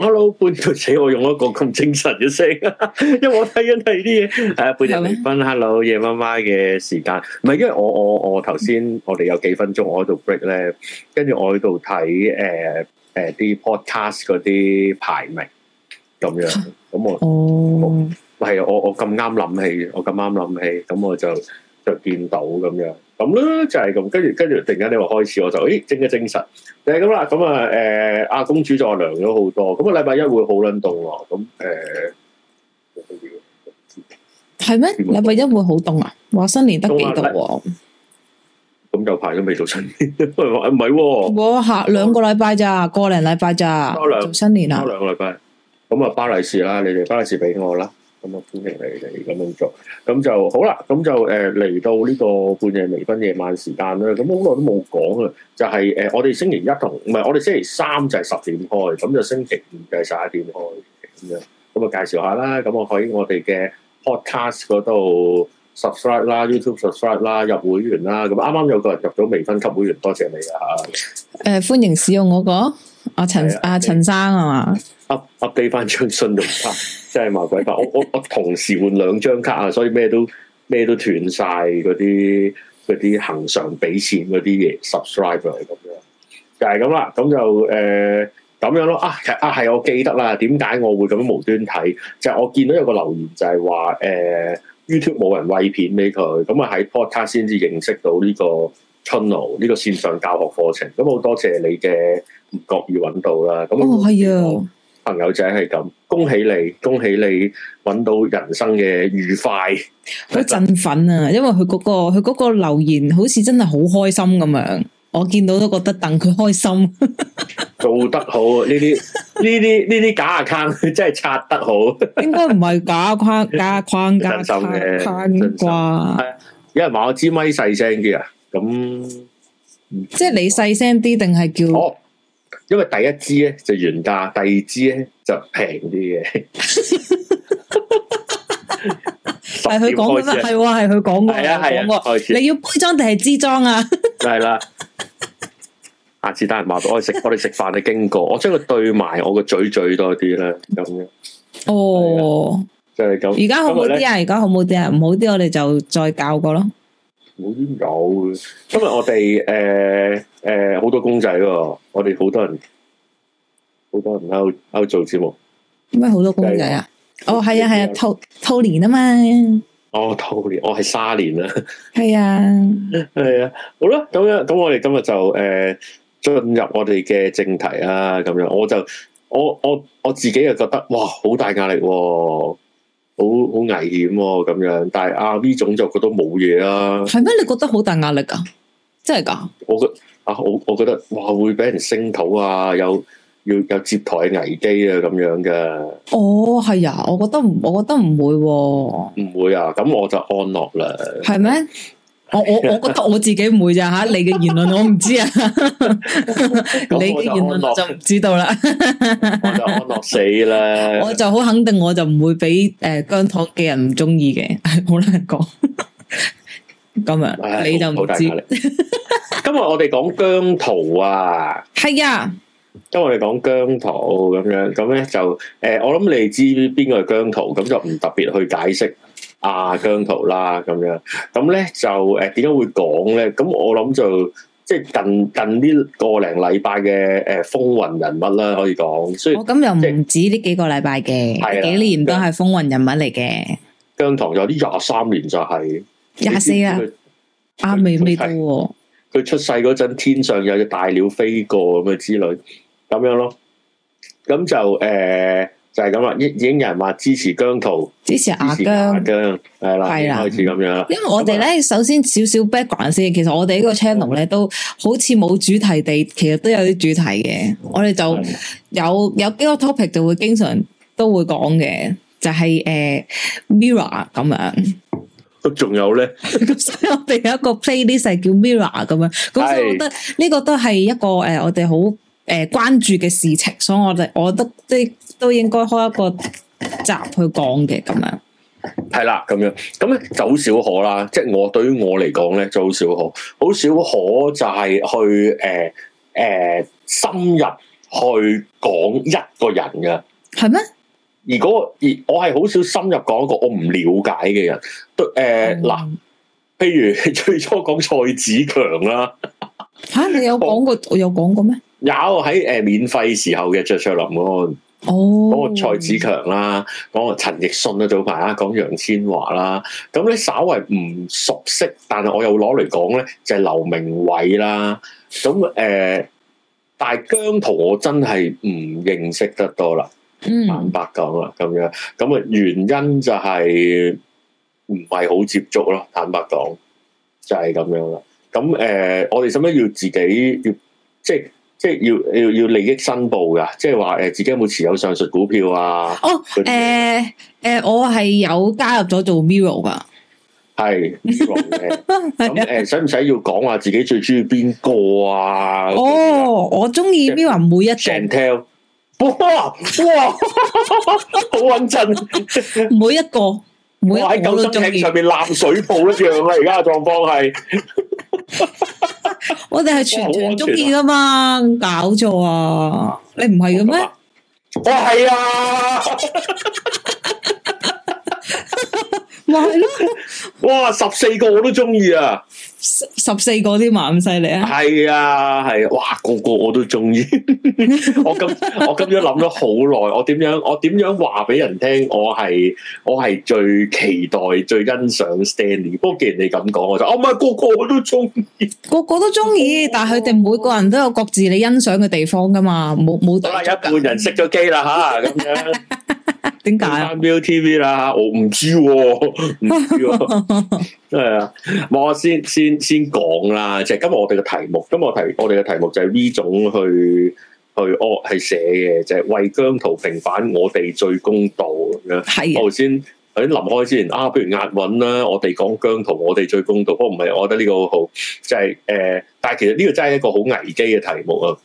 Hello，半個字我用一個咁精神嘅聲，因為我睇緊係啲嘢。啊，半夜微醺嗎，Hello 夜媽媽嘅時間，唔係因為我我我頭先我哋有幾分鐘我喺度 break 咧，跟、呃、住我、呃、喺度睇誒誒啲 podcast 嗰啲排名咁樣，咁我哦，係、嗯、我我咁啱諗起，我咁啱諗起，咁我就就見到咁樣。咁咧就係、是、咁，跟住跟住突然間你話開始，我就咦，精一精神，誒咁啦，咁啊誒阿公主就涼咗好多，咁啊禮拜一會好撚凍喎，咁、嗯、誒，係、嗯、咩？禮拜嗎一會好凍啊？話新年得幾度、啊？咁有排都未做新年， 不過唔係喎，我下兩個禮拜咋，個零禮拜咋，過過兩做新年啊？兩個禮拜，咁啊巴黎士啦，你哋巴黎士俾我啦。咁啊，歡迎你哋咁樣做，咁就好啦。咁就誒嚟、呃、到呢個半夜微醺夜晚時間啦。咁好耐都冇講啊，就係、是、誒、呃，我哋星期一同唔係我哋星期三就係十點開，咁就星期五就係十一點開咁樣。咁啊，介紹下啦。咁我喺我哋嘅 Podcast 嗰度 subscribe 啦，YouTube subscribe 啦，入會員啦。咁啱啱有個人入咗微醺級會員，多謝你啊！誒、呃，歡迎使用我個。阿陳阿陳生啊嘛？up update 翻張信用卡，即係 麻鬼煩。 我我我同時換兩張卡啊，所以咩都咩都斷晒嗰啲啲恒常俾錢嗰啲嘢 subscriber 咁樣，就係咁啦。咁就誒咁、呃、樣咯啊，啊係我記得啦。點解我會咁無端睇？就係、我見到有個留言就係話誒 YouTube 冇人喂片俾佢，咁啊喺 Podcast 先至認識到呢、這個。春牛呢個線上教學課程，咁好多謝你嘅唔覺意揾到啦。咁哦，係啊，朋友仔係咁，恭喜你，恭喜你揾到人生嘅愉快。好振奮啊！Pin，因為佢嗰、嗰個佢個留言，好似真係好開心咁樣，我見到都覺得戥佢開心。 做得好啊！呢啲呢啲呢啲假 account 佢 真係拆得好。 應該唔係假框假框假框框啩。有人話我支咪細聲啲啊！咁即係你細聲啲，定係叫？哦，因為第一支咧就原價，第二支咧就平啲嘅。係佢講嘅，係喎，係佢講嘅。係啊，係啊。你要杯裝定係支裝啊？係啦。阿志等人話：我哋食我哋食飯嘅經過，我將佢對埋我個嘴嘴多啲啦。咁樣哦，就係咁。而家好唔好啲啊？而家好唔好啲啊？唔好啲，我哋就再教過咯。冇啲有今日我哋誒誒好多公仔，我哋好多人，好多人喺度喺度做節目，點解好多公仔啊？就是、哦，係啊係啊，兔兔、啊、年啊嘛，哦兔年，我係沙年啦，係 啊係啊，好啦，咁樣咁我哋今日就誒進、呃、入我哋嘅正題啊，咁樣我就我我我自己就覺得哇好大壓力、啊。好好危險喎、啊，咁樣，但係啊呢種就覺得冇嘢啦。係咩？你覺得好大壓力啊？真係噶、啊？我覺啊，我我覺得哇，會俾人聲討啊，有要有，有接台危機啊，咁樣嘅。哦，係啊，我覺得我覺得唔會，唔會啊，咁、哦啊、我就安樂啦。係咩？我我我覺得我自己唔會咋吓，你嘅言論我唔知啊，你嘅言論我就唔知道啦。我就安樂死啦。我就好肯定，我就唔會俾誒姜濤嘅人唔中意嘅，係好難講。咁你就唔知。今日我哋講姜濤啊，係啊，因為我哋講姜濤咁樣，咁咧就誒，我諗你知邊個係姜濤，咁就唔特別去解釋。啊姜濤啦咁樣，咁咧就誒點解會講咧？咁我諗就即係近近呢個零禮拜嘅誒風雲人物啦，可以講。所以我咁、哦、又唔止呢幾個禮拜嘅，幾年都係風雲人物嚟嘅。姜濤有啲廿三年就係廿四啊，阿未未到。佢出世嗰陣，啊、天上有隻大鳥飛過咁嘅之類，咁樣咯。咁就誒。就係咁啦，已經有人話支持姜濤，支持阿姜，阿姜係啦，了的開始咁樣。因為我哋咧，麼首先少少 background 先，其實我哋呢個 channel 咧都好似冇主題地，其實都有啲主題嘅。我哋就有的有幾個 topic 就會經常都會講嘅，就係、是、誒、呃、mirror 咁樣。咁仲有咧？咁 所以我哋有一個 playlist 係叫 mirror 咁樣。咁的我覺得呢個都係一個誒、呃，我哋好。誒，關注嘅事情，所以我哋，我覺得，即係都應該開一個集去講嘅，咁樣。係啦，咁樣，咁咧，就好少可啦。即係我對於我嚟講咧，就好少可，好少可就係去誒誒、呃呃、深入去講一個人嘅。係咩嗎？如果而我係好少深入講一個我唔了解嘅人。對誒，嗱、呃嗯，譬如最初講蔡子強啦。吓、啊，你有講過？我有講過咩？有喺誒、呃、免費時候嘅卓卓林安，個，嗰個蔡子強啦，嗰、那個陳奕迅啦，早排啦，講楊千嬅啦，咁咧稍為唔熟悉，但係我又攞嚟講咧，就係、是、劉明偉啦，咁誒、呃，但係姜濤我真係唔認識得多啦、mm.，坦白講啦，咁、就是、樣，咁啊原因就係唔係好接觸咯，坦白講就係咁樣啦，咁誒，我哋使乜要自己要即係？即係要要要利益申報噶，即係話誒，自己有冇持有上述股票啊？哦、oh,，誒誒、呃呃，我係有加入咗做 Mirror 噶，係 Mirror 嘅。咁誒，使唔使要講下自己最中意邊個啊？哦、oh,，我中意 Mirror 每一隻 tell，哇好穩陣，哈哈 每一個，每一個都中意，喺九十艇上面立 水冇一樣啦，而家嘅狀況係。 我哋係全團中意噶嘛？搞錯啊！你唔係嘅咩？我係啊，咪係咯！哇，十四個我都中意啊！十四個添嘛，咁犀利啊！係啊，係哇、啊，個個我都中意 今。 我咁我今日諗咗好耐，我點樣我點樣話俾人聽？我係我係最期待、最欣賞 Stanley。不過既然你咁講，我就啊唔係個個我都中意，個個都中意，個個但係佢哋每個人都有各自你欣賞嘅地方噶嘛，冇冇。但係、啊、一半人熄咗機啦，吓，咁樣點解啊 ViuTV 啦，我唔知唔知、啊。 係啊、嗯，我先先先講啦，即、就、係、是、今日我哋嘅題目。今日題我哋嘅題目就係呢種去去哦係寫嘅，就係、是、為姜濤平反，我哋最公道咁樣。我頭先頭先臨開之前啊，不如押韻啦。我哋講姜濤，我哋最公道。不過唔係，我覺得呢個好，就係、是、誒、呃，但係其實呢個真係一個好危機嘅題目啊。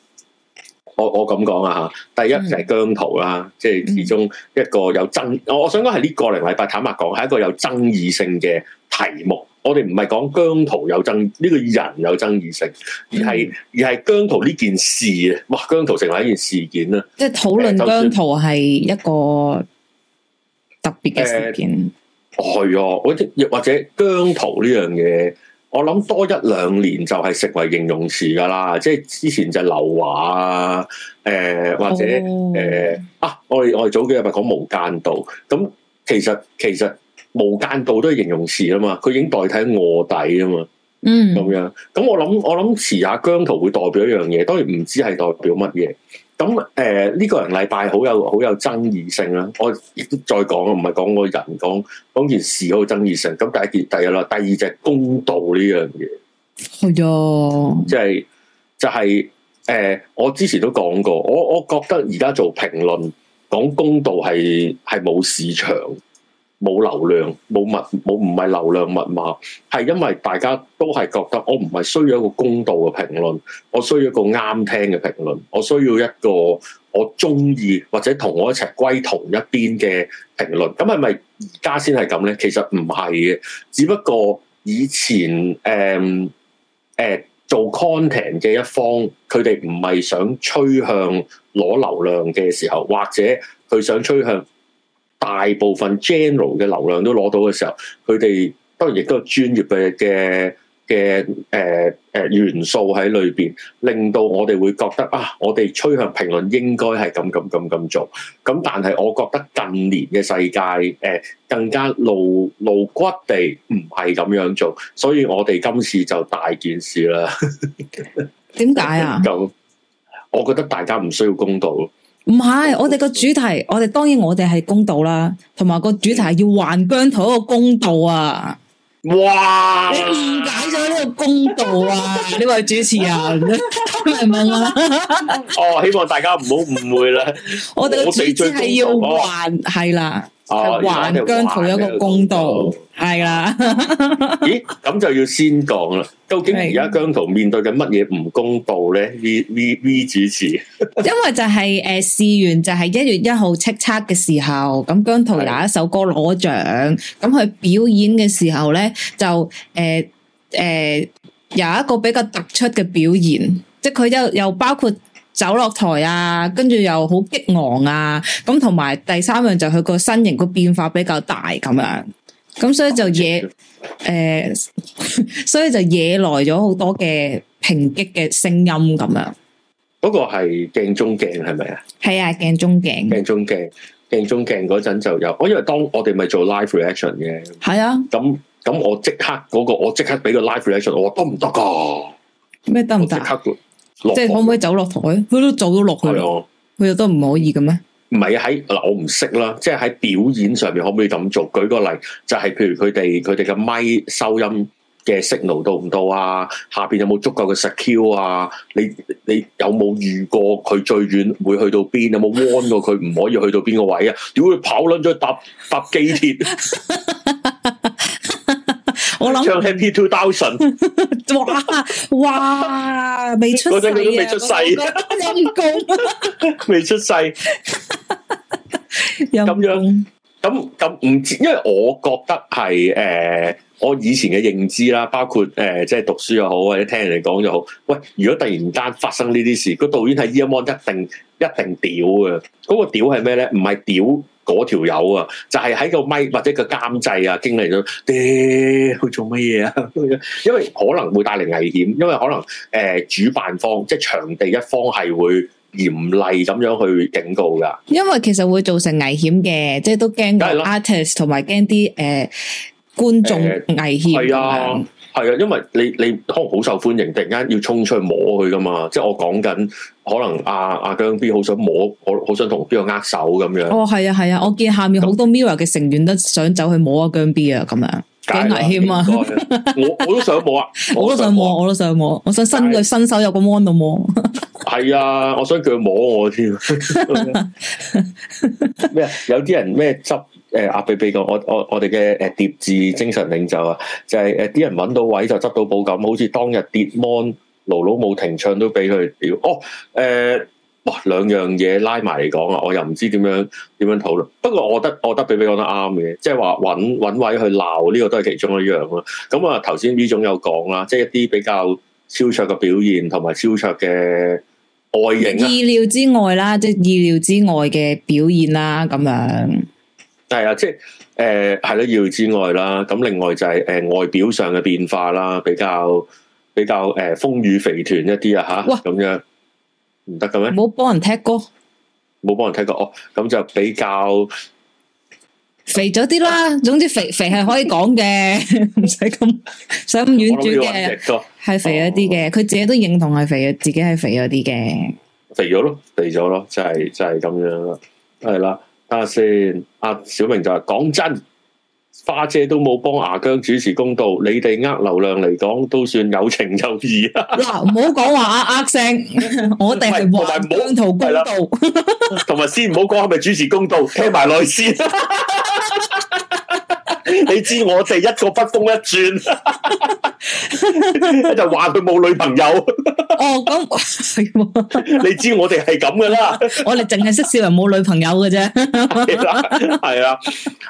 我我咁講啊嚇，第一就係姜濤啦，嗯、即係其中一個有爭，我、嗯、我想講係呢個零禮拜坦白講係一個有爭議性嘅題目。我哋唔係講姜濤有爭，呢、呢個人有爭議性，而係而係姜濤呢件事啊，哇！姜濤成為一件事件啦，即係討論姜濤係一個特別嘅事件。係啊、呃，或亦或者姜濤呢樣嘢，我諗多一兩年就係成為形容詞噶啦，即係之前就係劉華啊，誒、呃、或者誒、oh. 呃、啊，我哋我哋早幾日咪講無間道，咁其實其實無間道都係形容詞啊嘛，佢已經代替臥底啊嘛，嗯，咁樣，咁我諗我諗遲下姜濤會代表一樣嘢，當然唔知係代表乜嘢。咁誒呢個人禮拜好有好有爭議性啦，我亦都再講啦，唔係講個人，講講件事好有爭議性。咁第，第，第一件，第二啦，第二就係公道呢樣嘢，係啊，即 係就係、係、誒、就係呃，我之前都講過，我我覺得而家做評論講公道係係冇市場。冇流量，冇密，冇唔係流量密碼，係因為大家都係覺得我唔係需要一個公道嘅評論，我需要一個啱聽嘅評論，我需要一個我中意或者同我一齊歸同一邊嘅評論。咁係咪而家先係咁呢？其實唔係嘅，只不過以前誒誒、呃呃、做 content 嘅一方，佢哋唔係想吹向攞流量嘅時候，或者佢想吹向，大部分 general 嘅流量都攞到嘅時候，佢哋當然亦都有專業嘅嘅嘅誒誒元素喺裏邊，令到我哋會覺得啊，我哋趨向評論應該係咁咁咁咁做。咁但係我覺得近年嘅世界誒、呃、更加露露骨地唔係咁樣做，所以我哋今次就大件事啦。點解啊？咁，我覺得大家唔需要公道。唔係，我哋個主題，我哋當然我哋係公道啦，同埋個主題係要還姜濤個公道啊！哇，你誤解咗呢個公道啊！你話主持人明咪？啊？ 哦，希望大家唔好誤會啦。 我哋嘅主題係要還，係 啦。哦，還姜濤一個公道，係啦，哦。是的 咦，咁就要先講啦。究竟而家姜濤面對嘅乜嘢唔公道咧？V V V 主持， 因為就係誒事源就係一月一號叱咤嘅時候，咁姜濤有一首歌攞獎，咁佢的表演嘅時候咧就誒誒、呃呃、有一個比較突出嘅表現，即係佢又又包括。走落台啊，跟住又好激昂啊，咁同埋第三樣就佢個身形個變化比較大咁樣，咁所以就惹誒，所以就惹來咗好多嘅抨擊嘅聲音咁樣。嗰個係鏡中鏡係咪啊？係啊，鏡中鏡，鏡中鏡，鏡中鏡嗰陣就有，我因為當我哋咪做 live reaction 嘅，係啊，咁咁我即刻嗰個我即刻俾個 live reaction，我話得唔得噶？咩得唔得？即係可唔可以走落台？佢都做到落去，佢又、啊、都唔可以嘅咩？唔係喺嗱，我唔識啦。即係喺表演上面可唔可以咁做？舉個例就係、是，譬如佢哋佢哋嘅咪收音嘅 signal 到唔到啊？下邊有冇足夠嘅 secure 啊？你你有冇遇過佢最遠會去到邊？有冇 warn 過佢唔可以去到邊個位啊？如果佢跑捻咗搭搭機鐵。我諗唱 Happy Two Thousand 哇哇未出世，啊，嗰陣佢 都未出世，陰功生，未出世，咁樣咁咁唔知，因為我覺得係誒、呃、我以前嘅認知啦，包括誒即係讀書又好或者聽人哋講又好，喂，如果突然間發生呢啲事，個導演係 Emon 一定一定屌嘅。嗰、嗰個屌係咩咧？唔係屌。嗰條友啊，就係、是、喺個咪或者個監製啊，經歷咗，屌、呃、佢做乜嘢啊？ 因為可能會帶嚟危險，因為可能誒、呃、主辦方即係場地一方係會嚴厲咁樣去警告㗎，因為其實會造成危險嘅，即係都驚 artist 同埋驚啲誒觀眾危險。係、呃、啊。係啊，因為你你可能好受歡迎，突然間要衝出去摸佢噶嘛，即係我講緊可能阿、啊、阿、啊、姜 B 好想摸，我好想同邊個握手咁樣。哦，係啊，係啊，我見下面好多 Mirror 嘅成員都想走去摸阿姜 B 啊，咁樣，幾危險啊！我我都想摸啊，我都想摸，我都想摸，我想伸個伸手入個 mon 度摸。係 啊，我想叫佢摸我添。咩？ 有啲人咩執？誒阿比比講，我我我哋嘅誒疊字精神領袖啊，就係誒啲人揾到位就執到寶咁，好似當日跌 mon，牢牢冇停唱都俾佢屌。哦，誒、呃、哇兩樣嘢拉埋嚟講啊，我又唔知點樣點樣討論。不過我覺得我覺得 B B 講得啱嘅，即係話揾揾位去鬧呢、這個都係其中一樣咯。咁啊頭先 B 總有講啦，即、就、係、是、一啲比較超卓嘅表現同埋超卓嘅外形。意料之外啦，即、就、係、是、意料之外嘅表現啦，咁樣、啊。係啊，即係誒，係啦，要之外啦，咁另外就係誒外表上嘅變化啦，比較比較誒豐乳肥臀一啲啊吓，咁樣唔得嘅咩？冇幫人踢歌，冇幫哇人踢過哦，咁就比較肥咗啲啦。總之肥肥係可以講嘅，唔使咁，唔使咁婉轉嘅，係肥咗啲嘅。佢自己都認同係肥啊，自己係肥咗啲嘅。肥咗咯，肥咗、就是、 咯，oda，嗯、kea，就係就係咁樣啦，係啦。睇先，阿、啊啊、小明就話、是：講真，花姐都冇幫牙姜主持公道，你哋呃流量嚟講，都算有情有義。嗱，唔好講話呃呃聲，聲 我哋係維護公道，同 埋、啊、先唔好講係咪主持公道， 聽埋內線。 你知我哋一個不攻一轉，就話佢冇女朋友。 哦，咁 你知我哋係咁噶啦，我哋淨係識笑人冇女朋友嘅啫。 係啦，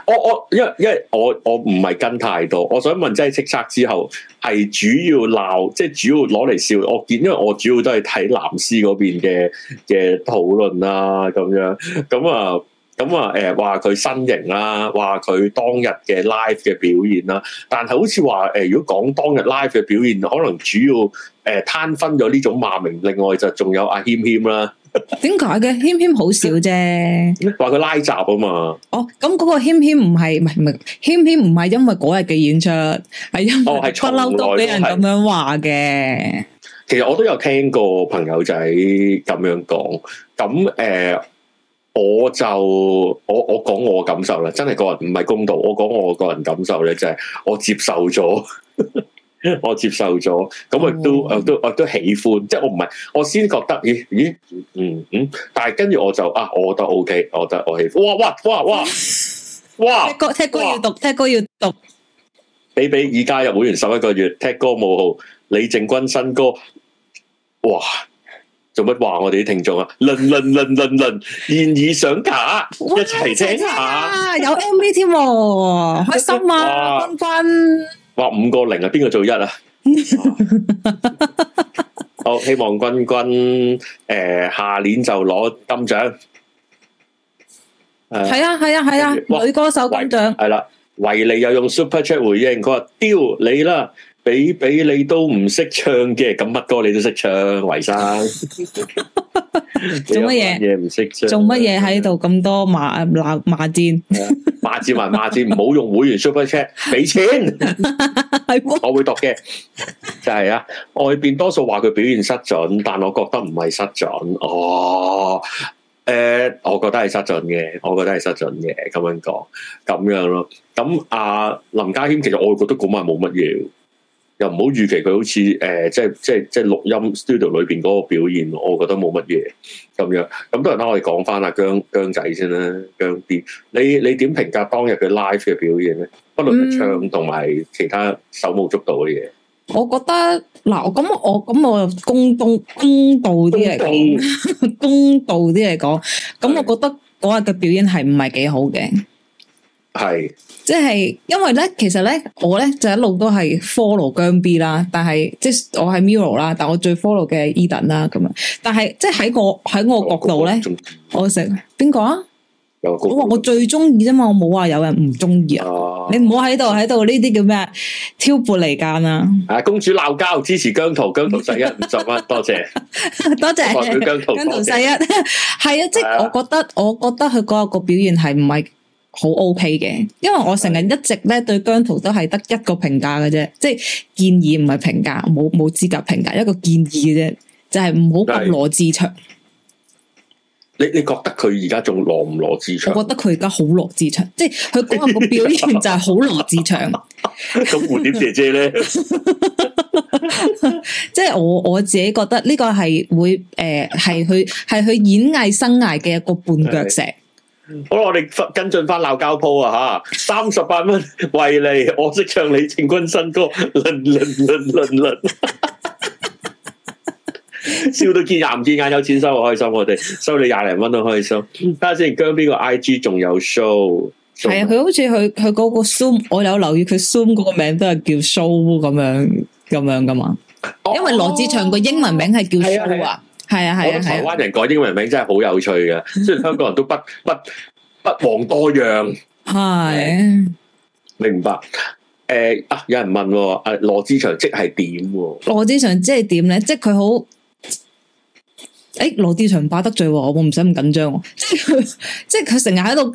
我我因為因為我我唔係跟太多。我想問，即係叱咤之後係主要鬧，即係主要攞嚟笑。我見因為我主要都係睇藍絲嗰邊嘅嘅討論啦，咁樣咁啊。咁啊，誒話佢身形啦，話佢當日嘅 live 嘅表現啦，但係好似話誒，如果講當日 live 嘅表現，可能主要誒攤、呃、分咗呢種罵名，另外就仲有阿謙謙啦。點解嘅謙謙好少啫？話佢拉雜啊嘛。哦，咁嗰個謙謙唔係唔係謙謙唔係因為嗰日嘅演出，係因為不嬲都俾人咁樣話嘅，哦。其實我都有聽過朋友仔咁樣講，咁誒。呃我就我我講我感受啦，真係個人唔係公道，我講我個人感受咧，就係、是、我接受咗， 我接受咗，咁、嗯、啊都啊都啊都喜歡，即係我唔係我先覺得，咦咦嗯嗯，但係跟住我就啊，我覺得 OK，我覺得我喜歡，哇哇哇哇哇，踢歌踢歌要讀踢歌要讀，哇要讀比比已加入會員十一個月，踢歌冇號，李正軍新歌，哇！做乜話我哋啲聽眾啊？輪輪輪輪輪，現已上架，哇一齊聽一下。有 M V 添，開心啊！君君！哇五個零啊，邊個做一啊？我 希望君君，誒、呃，下年就攞金獎。係啊係啊係啊，啊啊啊呃、女歌手金獎。係啦，維利又用 Super Chat 回應，佢話丟你啦。俾俾你都唔識唱嘅，咁乜歌你都識唱，為生 做乜嘢？嘢唔識唱，做乜嘢喺度咁多罵鬧罵戰？罵戰還罵戰，唔好用會員 super chat，俾錢， 吧我會讀嘅。就係、是、啊，外邊多數話佢表現失準，但我覺得唔係失準。哦，誒、呃，我覺得係失準嘅，我覺得係失準嘅。咁樣講，咁樣咯。咁啊，林家謙，其實我會覺得嗰晚冇乜嘢。又唔好預期佢好似誒、呃，即係即係即係錄音 studio 裏邊嗰個表現，我覺得冇乜嘢咁樣。咁多人拉我哋講返阿姜姜仔先啦，姜啲。你你點評價當日佢 live 嘅表現咧？不論係唱同埋其他手舞足蹈嘅嘢，我覺得嗱，咁我咁我公公公道啲嚟講，公道啲嚟講，咁我覺得嗰日嘅表演係唔係幾好嘅？係，是即係因為咧，其實咧，我咧就一路都係 follow 姜 B 啦，但係即係我係 Mirror 啦，但我最 follow 嘅 Edan 啦，咁啊，但係即係喺我喺我角度咧，我食，邊個啊？我話我最中意啫嘛，我冇話有人唔中意啊！你唔好喺度喺度呢啲叫咩挑撥離間啊！啊！公主鬧交，支持姜濤，姜濤世一唔錯啊！多謝， 多謝姜濤世一。係姜濤 啊，即係 說、uh, 我覺得，我覺得佢嗰個個表現係唔係。好 OK 嘅，因為我成日一直咧，對姜濤都係得一個評價嘅啫，即係建議唔係評價，冇冇資格評價一個建議嘅啫，就係唔好咁羅志祥。你你覺得佢而家仲羅唔羅志祥？我覺得佢而家好羅志祥，即係佢嗰個表現就係好羅志祥。咁蝴蝶姐姐咧，即係我我自己覺得呢個係會誒係佢係佢演藝生涯嘅一個絆腳石。 好啦，我哋跟進翻鬧交鋪啊吓，三十八蚊為你，我識唱李慶軍新歌，輪輪輪輪輪，笑到見牙唔見眼，有錢收我開心我，我哋收你廿零蚊都開心。睇下先，姜邊個 I G 仲有 show？係啊，佢好似佢佢嗰個 Zoom 我有留意佢 Zoom 嗰個名都係叫 show 咁樣咁樣噶嘛，因為羅志祥個英文名係叫 show 啊。係 是啊，係啊，台灣人改英文名真係好有趣嘅，雖然香港人都不 不不遑多讓。係，是啊、明白。誒啊！有人問阿羅志祥即係點？羅志祥即係點咧？即係佢好誒，羅志祥怕得罪我，哦，我唔使咁緊張。即係即係佢成日喺度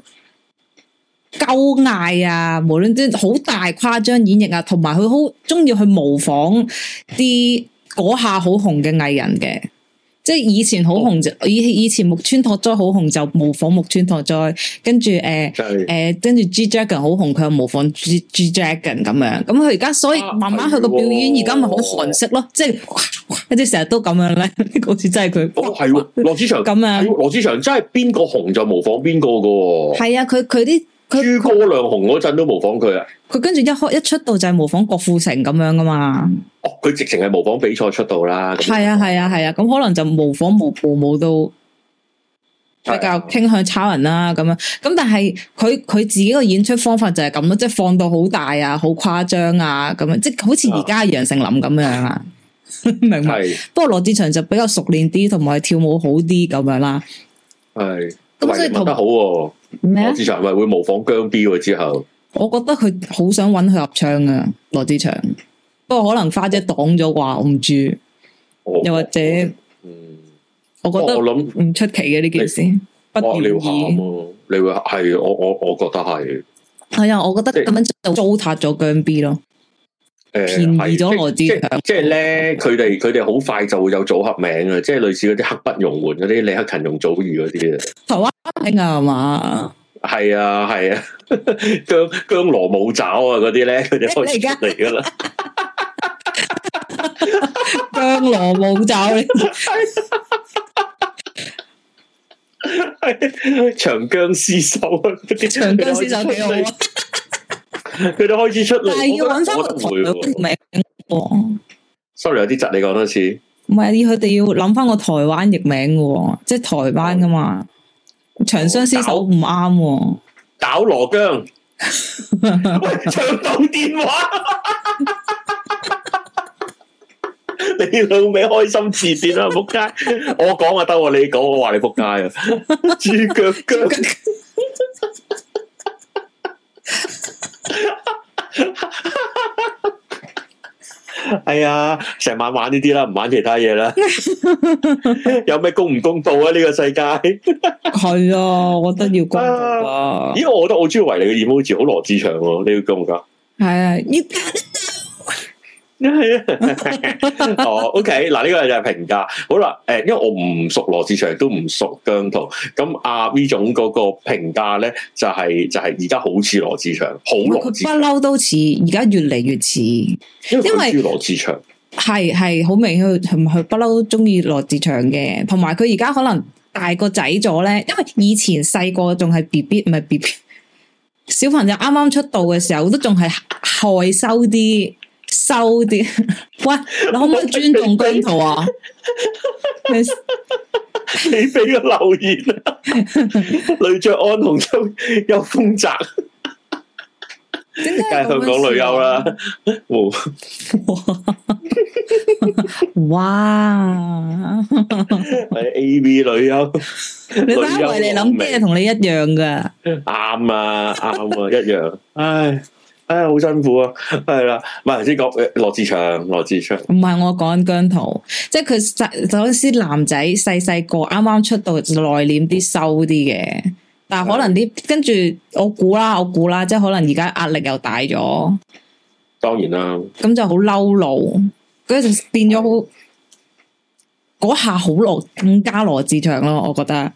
勾嗌啊！無論啲好大誇張演繹啊，同埋佢好中意去模仿啲嗰下好紅嘅藝人嘅。即係以前好紅，就以以前木村拓哉好紅就模仿木村拓哉，跟住誒誒跟住 G Dragon 好紅佢又模仿 G, G Dragon 咁樣，咁佢而家所以慢慢佢個表演而家咪好韓式咯，即係即係成日都咁樣咧，嗰次真係佢。係羅志祥咁樣！羅志祥真係邊個紅就模仿邊個噶。係啊，佢佢啲。朱哥亮紅嗰陣都模仿佢啊！佢跟住一開一出道就係模仿郭富城咁樣噶嘛？哦，佢直情係模仿比賽出道啦。係啊，係啊，係啊，咁、嗯、可能就模仿舞舞舞都比較傾向抄人啦。咁、啊、樣咁，但係佢佢自己個演出方法就係咁咯，即係放到好大啊，好誇張啊，咁樣即係好似而家楊丞琳咁樣啊。 明白嗎。是不過羅志祥就比較熟練啲，同埋跳舞好啲咁樣啦。係是。咁所以同。羅志祥係咪會模仿姜 B 喎，之後我覺得佢好想揾佢合唱㗎，羅志祥。不過可能花姐擋咗話，我唔知。哦、又或者，嗯，我覺得我諗唔出奇嘅呢件事，不意。你會係我我我覺得係，係啊，我覺得咁樣就糟蹋咗姜 B 咯。.便宜咗我啲， 即係咧，佢哋佢哋好快就會有組合名啊，即係類似嗰啲刻不容緩嗰啲李克勤用祖兒嗰啲啊，台灣啊嘛，係啊係啊， 姜姜羅舞爪啊嗰啲咧，佢哋開始嚟噶啦。姜羅舞爪，長江屍手啊，長江屍手幾好啊。 佢都開始出嚟，但係要諗翻個台灣名。Sorry，有啲窒，你講多次，唔係要佢哋要諗翻個台灣譯名嘅，即係台灣噶嘛？長相廝守唔啱，搞羅姜。喂，長島電話，你老味開心自編啦，仆街！我講啊得，你講我話你仆街啊，豬腳薑。係啊，成、 哎、晚玩呢啲啦，唔玩其他嘢啦。 有咩公唔公道啊？呢、呢個世界係 啊，我覺得要公道啊。啊。咦，我覺得我中意維尼嘅 emoji，好羅志祥喎。呢個覺唔覺？係啊。 係啊，哦、 oh，OK，嗱，呢個就係評價，好啦，誒，因為我唔熟羅志祥，都唔熟姜濤，咁阿 V 總嗰個評價咧，就係、是、就係而家好似羅志祥，好羅志祥不嬲都似，而家越嚟越似，因為中意為羅志祥，係係好明顯，同佢不嬲中意羅志祥嘅，同埋佢而家可能大個仔咗咧，因為以前細個仲係 B B 唔係 B B，小朋友啱啱出道嘅時候都仲係害羞啲。瘦啲喂，你可唔可以尊重姜濤啊？你俾個留言啊！雷雀安同邱邱豐澤，梗係香港女優啦。哇哇！或者 AV 女優，你睇下為你諗咩，同你一樣噶。啱啊，啱啊，一樣。唉。哎，好辛苦啊，係 啦，唔係頭先講羅志祥，羅志祥唔係我講緊姜濤，即係佢細嗰陣時男仔細細個，啱啱出道，內斂啲，收啲嘅，但係可能啲跟住我估啦，我估啦，即係可能而家壓力又大咗，當然啦，咁就好嬲怒，跟住變咗好，嗰的下好羅更加羅志祥咯，我覺得。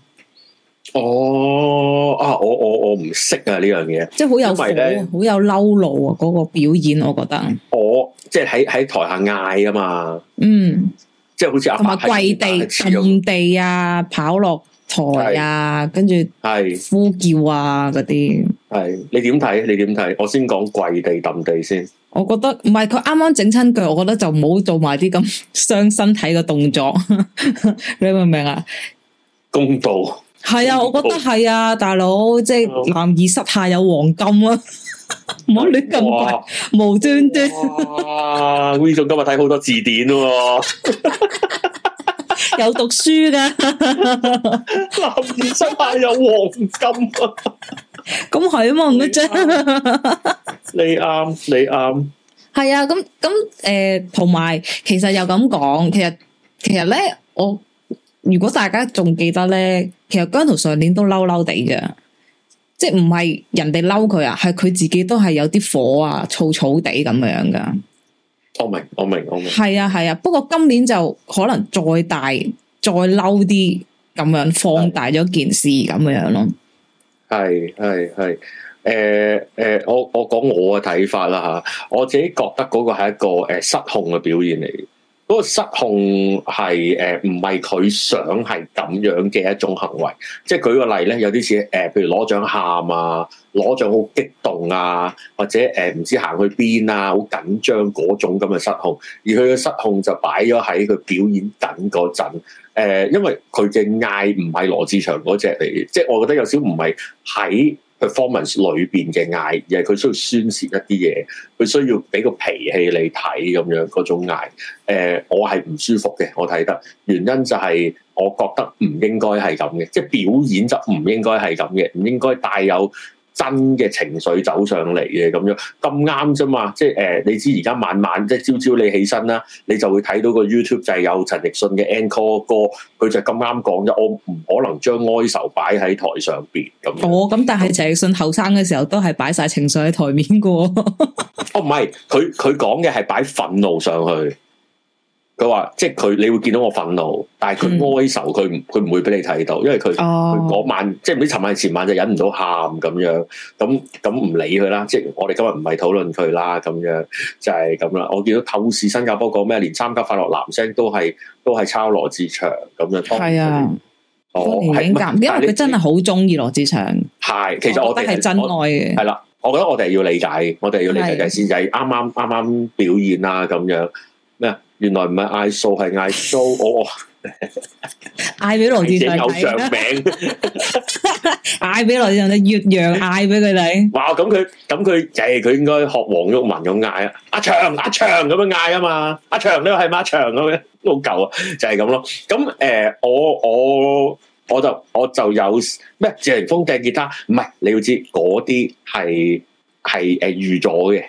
哦啊！我我我唔識啊呢樣嘢，即係好有火，好有嬲怒啊！嗰個表演，我覺得我即係喺喺台下嗌啊嘛，嗯，即係好似阿同埋跪地、揼地啊，跑落台啊，跟住係呼叫啊嗰啲，係你點睇？你點睇？我先講跪地、揼地先，我覺得唔係佢啱啱整親腳，我覺得就唔好做埋啲咁傷身體嘅動作，你明唔明啊？公道。係 啊，我覺得係啊，大佬，即係男兒膝下有黃金啊，唔好亂咁貴，哇無端端哇。啊 w e 仲今日睇好多字典喎，啊， 有讀書噶，男兒膝下有黃金啊，咁 係 嗎啊嘛，唔得啫。你啱，啊，你啱，係啊，咁咁誒，同埋其實又咁講，其實其實咧，我。如果大家仲記得咧，其實姜濤上年都嬲嬲地嘅，即係唔係人哋嬲佢啊，係佢自己都係有啲火啊，燥燥地咁樣噶。我明，我明，我明。係啊，係啊，不過今年就可能再大、再嬲啲，咁樣放大咗件事咁樣咯。係係係，誒誒，誒，我我講我嘅睇法啦吓，我自己覺得嗰個係一個誒失控嘅表現嚟。嗰個失控係誒，唔係佢想係咁樣嘅一種行為，即係舉個例咧，有啲似誒，譬如攞獎喊啊，攞獎好激動啊，或者誒唔、呃、知行去邊啊，好緊張嗰種咁嘅失控，而佢嘅失控就擺咗喺佢表演緊嗰陣，因為佢嘅嗌唔係羅志祥嗰隻嚟，即係我覺得有少唔係喺 performance 裏邊嘅嗌，亦係佢需要宣泄一啲嘢，佢需要俾個脾氣你睇咁樣嗰種嗌。誒、呃，我係唔舒服嘅，我睇得原因就係我覺得唔應該係咁嘅，即係表演就唔應該係咁嘅，唔應該帶有真嘅情緒走上嚟嘅咁樣。咁啱啫嘛，即係誒、呃，你知而家晚晚即係朝朝你起身啦，你就會睇到個 YouTube 就有陳奕迅嘅 Encore 歌，佢就咁啱講咗：「我唔可能將哀愁擺喺台上邊。我咁、哦，但係陳奕迅後生嘅時候都係擺晒情緒喺台面噶。 哦，唔係，佢佢講嘅係擺憤怒上去。佢話即係佢，你會見到我憤怒，但係佢哀愁，佢佢唔會俾你睇到，因為佢嗰、哦、晚即係唔知尋晚前晚就忍唔到喊咁樣。咁咁唔理佢啦，即係我哋今日唔係討論佢啦，咁樣就係咁啦。我見到透視新加坡講咩，連參加快樂男聲都係都係抄羅志祥咁樣。係啊。因為佢真係好中意羅志祥，係，其實我，但係真愛嘅，係啦，我覺得我哋要理解，我哋要理解就係先，就係啱啱啱啱表演啊，咁樣咩啊？原來唔係嗌數，係嗌 show，我嗌俾羅志祥偶像名，嗌俾羅志祥，你越洋嗌俾佢哋。哇，咁佢咁佢誒，佢應該學黃毓民咁嗌啊，阿祥阿祥咁樣嗌啊嘛，阿祥呢個係馬翔咁樣，好舊啊，就係咁咯。咁誒，我我。我就我就有咩？謝霆鋒掟吉他，唔係你要知嗰啲係係誒預咗嘅，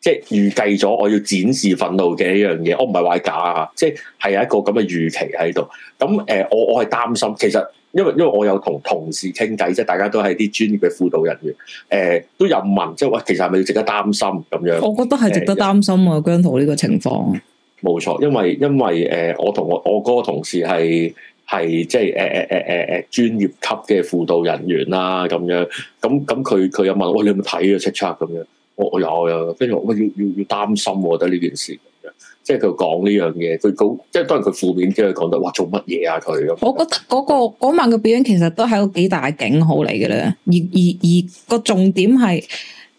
即係預計咗我要展示憤怒嘅一樣嘢。我唔係話假啊，即係係有一個咁嘅預期喺度。咁誒、呃，我我係擔心，其實因為因為我有同同事傾偈，即係大家都係啲專業嘅輔導人員，誒、呃、都有問，即係話其實係咪要值得擔心咁樣？我覺得係值得擔心啊！呃、姜濤呢個情況，冇錯，因為因為誒，我同我我個同事係。係即係誒誒誒誒誒專業級嘅輔導人員啦、啊，咁樣咁咁佢佢又問我，你有冇睇啊 c h e c 咁樣，我、哦、我有，我有，跟住我要要要擔心，覺就是啊、我覺得呢件事咁樣，即係佢講呢樣嘢，佢即係當然佢負面啲，佢講得哇做乜嘢啊佢咁。我覺得嗰個嗰晚嘅表演其實都係個幾大警號嚟嘅啦，而而而個重點係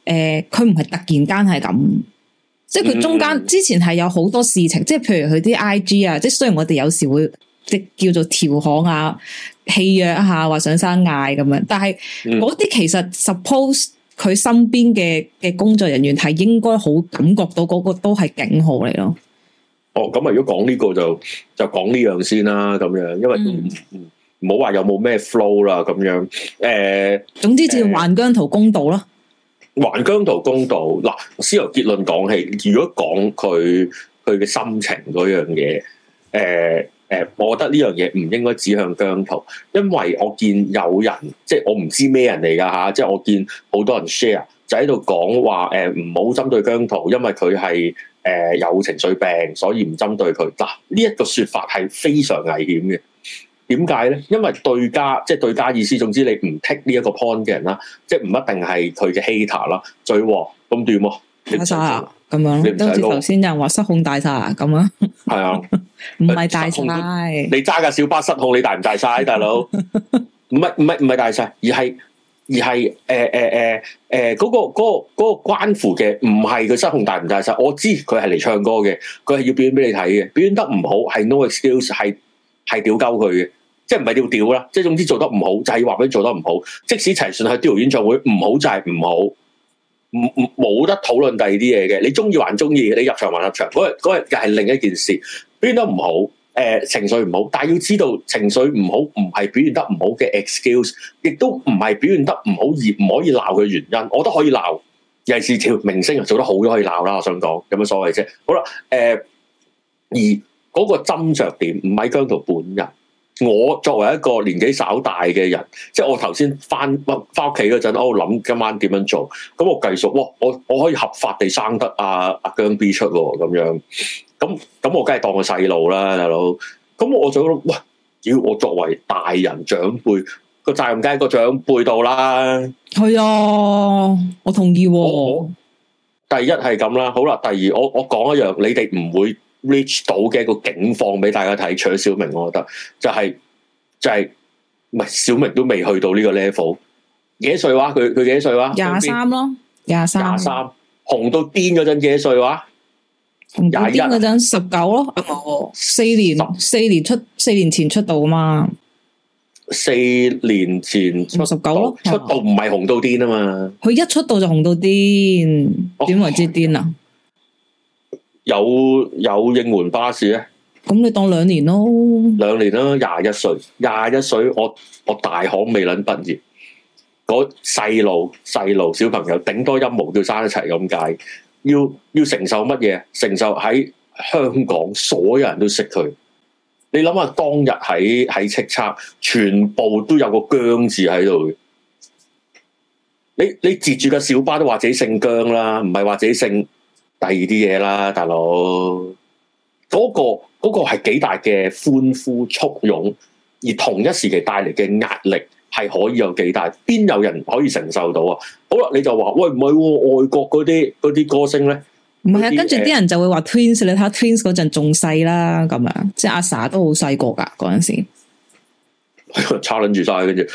誒，佢唔係突然間係咁，即係佢中間之前係有好多事情，即係、嗯、譬如佢啲 I G 啊，即係雖然我哋有時會。即叫做調侃啊，戲約一下或上山嗌咁樣，但係嗰啲其實 suppose 佢身邊嘅嘅工作人員係應該好感覺到嗰個都係警號嚟咯。哦，咁如果講呢個就就講呢樣先啦，咁樣，因為唔好話有冇咩 flow 啦，咁樣，誒、欸，總之叫還姜濤公道咯、欸，還姜濤公道嗱，先由結論講起。如果講佢佢嘅心情嗰樣嘢，誒、欸。誒、嗯，我覺得呢樣嘢唔應該指向姜濤，因為我見有人，即係我唔知咩人嚟㗎嚇，即係我見好多人 share 就喺度講話誒，唔、呃、好針對姜濤，因為佢係誒有情緒病，所以唔針對佢。嗱，呢、這、一個説法係非常危險嘅。點解咧？因為對家，即係對家意思，總之你唔剔呢一個 point 嘅人啦，即係唔一定係佢嘅 hater 啦，最喎咁短喎。咁樣，你都好似頭先有人話失控大晒咁啊？係啊，唔係、啊、 大晒。你揸架小巴失控，你大唔大晒， 大佬？唔係唔係唔係大晒，而係而係誒誒誒誒嗰個嗰、嗰個、嗰個關乎嘅，唔係佢失控大唔大晒。我知佢係嚟唱歌嘅，佢係要表演俾你睇嘅，表演得唔好係 no excuse，係係屌鳩佢嘅，即係唔係屌屌啦，即係總之做得唔好就係話俾你做得唔好，即使齊信去屌演唱會唔好就係唔好。唔唔冇得討論第二啲嘢嘅，你中意還中意，你入場還入場，嗰日嗰日又係另一件事，表現得唔好，誒、呃、情緒唔好，但係要知道情緒唔好唔係表現得唔好嘅 excuse，亦都唔係表現得唔好而唔可以鬧嘅原因，我都可以鬧，尤其是條明星做得好都可以鬧啦。我想講有乜所謂啫？好啦，誒、呃，而嗰個斟酌點唔係姜濤本人。我作為一個年紀稍大嘅人，即係我頭先翻翻屋企嗰陣，我喺度諗今晚點樣做。咁、嗯、我計數，哇！我我可以合法地生得阿、啊、阿、啊、姜 B 出喎、哦，咁樣。咁、嗯、咁、嗯嗯、我梗係當個細路啦，大佬。咁我就覺得，喂，屌！我作為大人長輩，個責任梗係個長輩度啦。係啊，我同意、哦我。第一係咁啦，好啦。第二，我我講一樣，你哋唔會。reach 到嘅一個境況俾大家睇，除咗小明，我覺得就係就係，唔係小明都未去到呢個 level。幾歲話？佢佢幾歲話？廿三咯，廿三。廿三紅到癲嗰陣幾歲話？紅到癲嗰陣十九咯，哦四年，四年出四年前出道啊嘛。四年前出十九咯，出道唔係紅到癲啊嘛。佢一出道就紅到癲，點為之癲啊？Oh, 有有應援巴士咧，咁你當兩年咯，兩年啦，廿一歲，廿一歲，我我大學未能畢業，嗰細路細路小朋友頂多陰毛，叫生一齊咁解，要要承受乜嘢？承受喺香港所有人都識佢，你諗下當日喺喺叱咤，全部都有個姜字喺度，你你截住個小巴都話自己姓姜啦，唔係話自己姓。第二啲嘢啦，大佬，嗰個嗰個係幾大嘅歡呼簇擁，而同一時期帶嚟嘅壓力係可以有幾大？邊有人可以承受到啊？好啦，你就話喂唔係喎，外國嗰啲啲歌星咧，唔係啊？跟住啲人就會話 Twins，你睇下 Twins 嗰陣仲細啦，咁樣即係阿 sa 都好細個噶嗰陣時，叉捻住晒跟住，誒、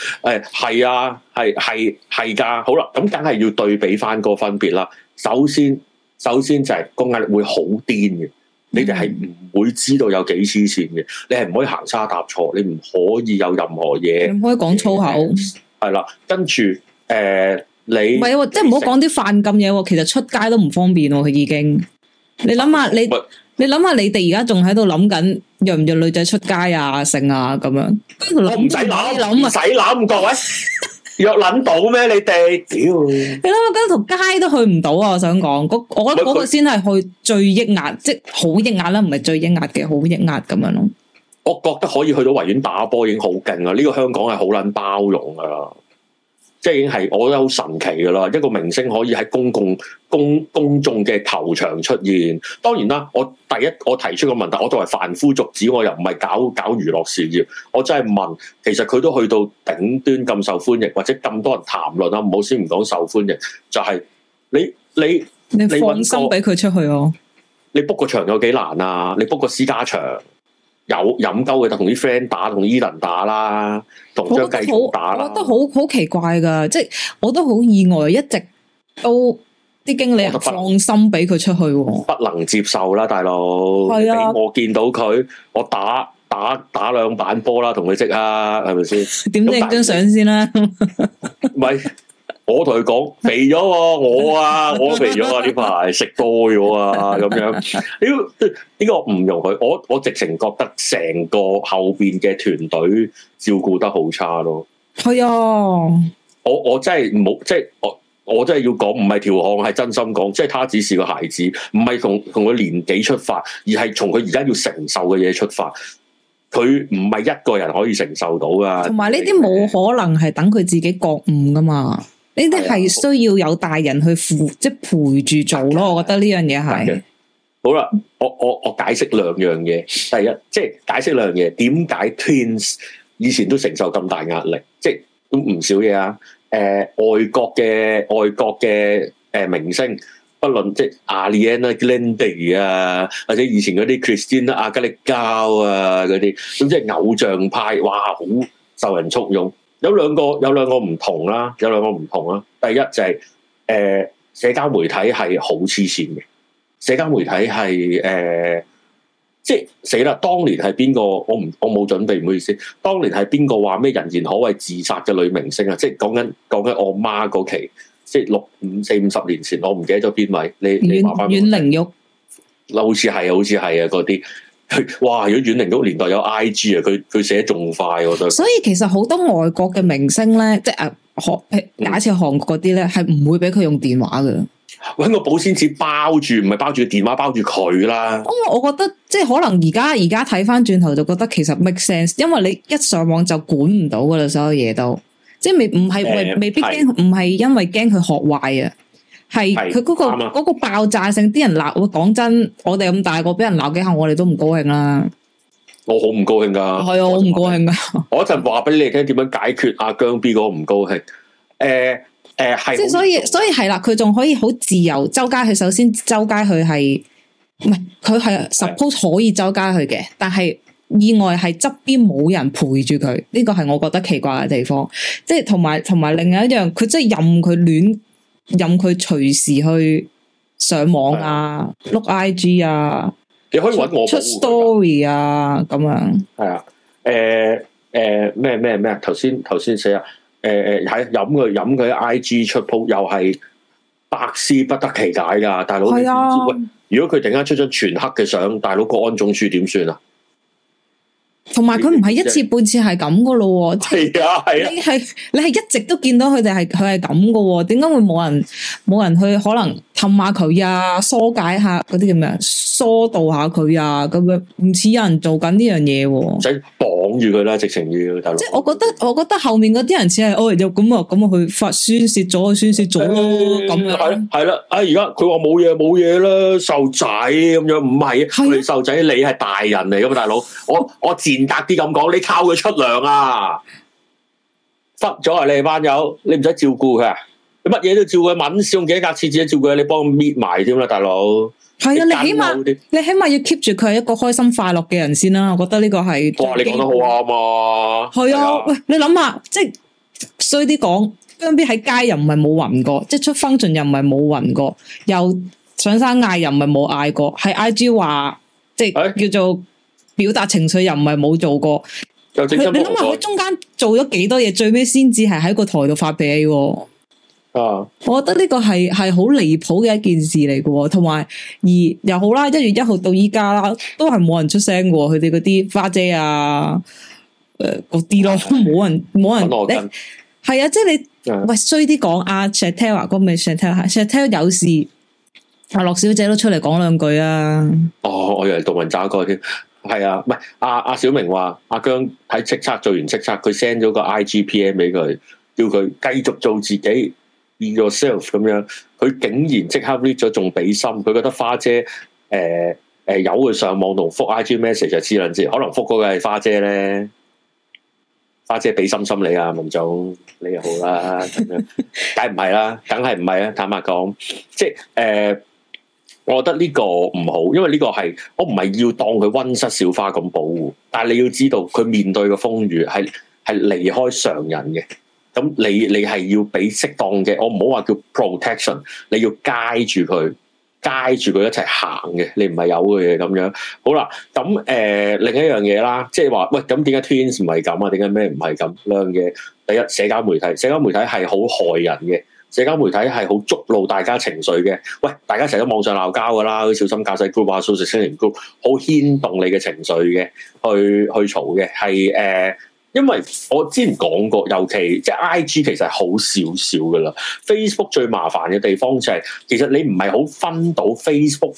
係啊係係係噶，好啦，咁梗係要對比翻個分別啦，首先。首先就係個壓力會好癲嘅，你哋係唔會知道有幾黐線嘅，你係唔可以行差踏錯，你唔可以有任何嘢。唔可以講粗口。係啦、嗯，跟住誒、呃，你唔係喎，即係唔好講啲犯禁嘢喎。其實出街都唔方便喎，佢已經。你諗下，你你諗下，你哋而家仲喺度諗緊約唔約女仔出街啊？剩啊咁樣。我唔使諗，唔使諗，各位。啊若捻到咩？你哋屌， 你諗下，跟條街都去唔到啊！我想講，嗰我覺得嗰個先係去最抑壓，它即係好抑壓啦，唔係最抑壓嘅，好抑壓咁樣咯。我覺得可以去到維園打波已經好勁啊。呢個香港係好捻包容噶啦。即係已經係，我覺得好神奇㗎啦。一個明星可以喺公共公公眾嘅球場出現，當然啦。我第一我提出個問題，我作為凡夫俗子，我又唔係搞搞娛樂事業，我真係問，其實佢都去到頂端咁受歡迎，或者咁多人談論啦。唔好先唔講受歡迎，就係、是、你你你，你放心俾佢出去哦。你 book 個場有幾難啊？你 book 個私家場？有飲鳩嘅，同啲 friend 打，同伊頓打啦，同張繼聰打。我覺得好好打奇怪噶，即係我都好意外，一直都啲經理放心俾佢出去，不能接受啦，大佬。係啊，我見到佢，我打打打兩板波啦，同佢即刻，係咪是先？點影張相先啦？咪。我同佢講肥咗喎，我啊， 我肥咗啊，呢排食多咗啊，咁樣，呢個唔容許，我我直情覺得成個後邊嘅團隊照顧得好差咯。係啊、哎喲，我真我，我真係唔即係我我真係要講，唔係調侃，係真心講，即係他只是個孩子，唔係同同佢年紀出發，而係從佢而家要承受嘅嘢出發，佢唔係一個人可以承受到噶。同埋呢啲冇可能係等佢自己覺悟噶嘛。呢啲係需要有大人去扶，即係的陪住做咯。的我覺得呢樣嘢係好啦。我我我解釋兩樣嘢。第一，即係解釋兩樣嘢，點解 Twins 以前都承受咁大壓力，即係咁唔少嘢啊。誒、呃，外國嘅外國嘅誒、呃、明星，不論即係 Alien 啊、Lindy 啊，或者以前嗰啲 Christina 啊、阿吉力膠啊嗰啲，咁即係偶像派，哇，好受人簇擁。有兩個有兩個唔同啦，有兩個唔同啦。第一就係誒社交媒體係好黐線嘅，社交媒體係誒、呃、即係死啦！當年係邊個？我唔我冇準備，唔好意思。當年係邊個話咩人言可畏自殺嘅女明星啊？即係講緊講緊我媽嗰期，即係六五四五十年前，我唔記得咗邊位。你你話翻冇？阮玲玉，好似係，好似係啊，嗰啲。哇！如果阮玲玉年代有 I G 啊，佢佢寫仲快，我覺得。所以其實好多外國嘅明星咧，即係、啊、誒，韓假設韓國嗰啲咧，係唔、嗯、會俾佢用電話噶。搵個保鮮紙包住，唔係包住個電話，包住佢啦。因為、嗯、我覺得即係可能而家而家睇翻轉頭就覺得其實 make sense，因為你一上網就管唔到噶啦，所有嘢都即係未唔係未、嗯、未必驚，唔係是因為驚佢學壞啊。係佢嗰個、啊、個爆炸性，啲人鬧。喂，講真，我哋咁大個，俾人鬧幾下，我哋都唔高興啦。我好唔高興噶，係啊，好唔高興啊！我一陣話俾你聽點樣解決阿姜 B 嗰個唔高興。誒、嗯、誒，係、嗯、即係所以，所以係啦，佢仲可以好自由周街去。首先，周街去係唔係佢係 suppose 可以周街去嘅，是但係意外係側邊冇人陪住佢，呢個係我覺得奇怪嘅地方。即係同埋同埋另外一樣，佢真係任佢亂。任佢隨時去上網啊，碌 I G 啊，你可以搵我、啊、出 story 啊，咁樣係啊，誒誒咩咩咩，頭先頭先寫啊，誒誒係，飲佢飲佢 I G 出鋪，又係百思不得其解噶，大佬，的喂，如果佢突然間出張全黑嘅相，大佬國安總署點算啊？同埋佢唔係一次半次係咁噶咯，係啊，係啊。你係你係一直都見到佢哋係佢係咁噶，點解會冇人冇人去可能氹下佢啊，疏解下嗰啲叫咩？疏導下佢啊，咁樣唔似有人做緊呢樣嘢。擋住佢啦，直情要大佬。即係我覺得，我覺得後面嗰啲人似係，哦，就咁啊，咁啊，去發宣泄咗，宣泄咗咯，咁樣係咯，係啦。啊，而家佢話冇嘢，冇嘢啦，瘦仔咁樣，唔係，你瘦仔，你係大人嚟噶嘛，大佬，我我賤格啲咁講，你靠佢出糧啊，甩咗啊，你班友，你唔使照顧佢，乜嘢都照佢，敏少幾格設置，照顧佢，你幫佢搣埋添啦，大佬。係啊，你起碼你起碼要 keep 住佢係一個開心快樂嘅人先啦、啊，我覺得呢個係。哇，你講得好啱啊！係啊，喂，你諗下，即係衰啲講，姜 B 喺街又唔係冇暈過，即係出 function 又唔係冇暈過，又上山嗌又唔係冇嗌過，係 I G 話即係叫做表達情緒又唔係冇做過。欸、你諗下，佢中間做咗幾多嘢，最尾先至係喺個台度發脾氣、啊。啊！Uh, 我覺得呢個係係好離譜嘅一件事嚟嘅，同埋而又好啦，一月一號到依家啦，都係冇人出聲嘅，佢哋嗰啲花姐啊，誒嗰啲咯，冇人冇人，你係是的 啊，即係你喂衰啲講阿 Chantel 個 message Chantel 有事，阿、啊、樂小姐都出嚟講兩句啊！哦，我以為杜汶澤一添，係啊，唔係阿阿小明話阿、啊、姜喺叱咤做完叱咤，佢 send 咗個 IGPM 俾佢，叫佢繼，繼續做自己。變 self 咁樣，佢竟然即刻 read 咗，仲俾心，佢覺得花姐誒誒、呃呃、有佢上網同復 I G message 就知啦，可能復嗰個係花姐咧，花姐俾心心你啊，文總你又好啦，咁樣梗係唔係啦，梗係唔係啊！坦白講，即係誒、呃，我覺得呢個唔好，因為呢個係我唔係要當佢温室小花咁保護，但係你要知道，佢面對嘅風雨係係離開常人嘅。咁你你係要俾適當嘅，我唔好話叫 protection，你要 guide 住佢，guide 住佢一齊行嘅，你唔係有嘅嘢咁樣。好啦，咁誒、呃，另一樣嘢啦，即係話喂，咁點解 Twins 唔係咁啊？點解咩唔係咁？兩樣嘢，第一，社交媒體，社交媒體係好害人嘅，社交媒體係好捉露大家情緒嘅。喂，大家成日喺網上鬧交噶啦，小心駕駛 group 啊，素食青年 group，好牽動你嘅情緒嘅，去去嘈嘅，係誒。呃因為我之前講過，尤其即係 IG 其實好少少㗎喇，Facebook, Facebook 最麻煩嘅地方就係、係、其實你唔係好分到 Facebook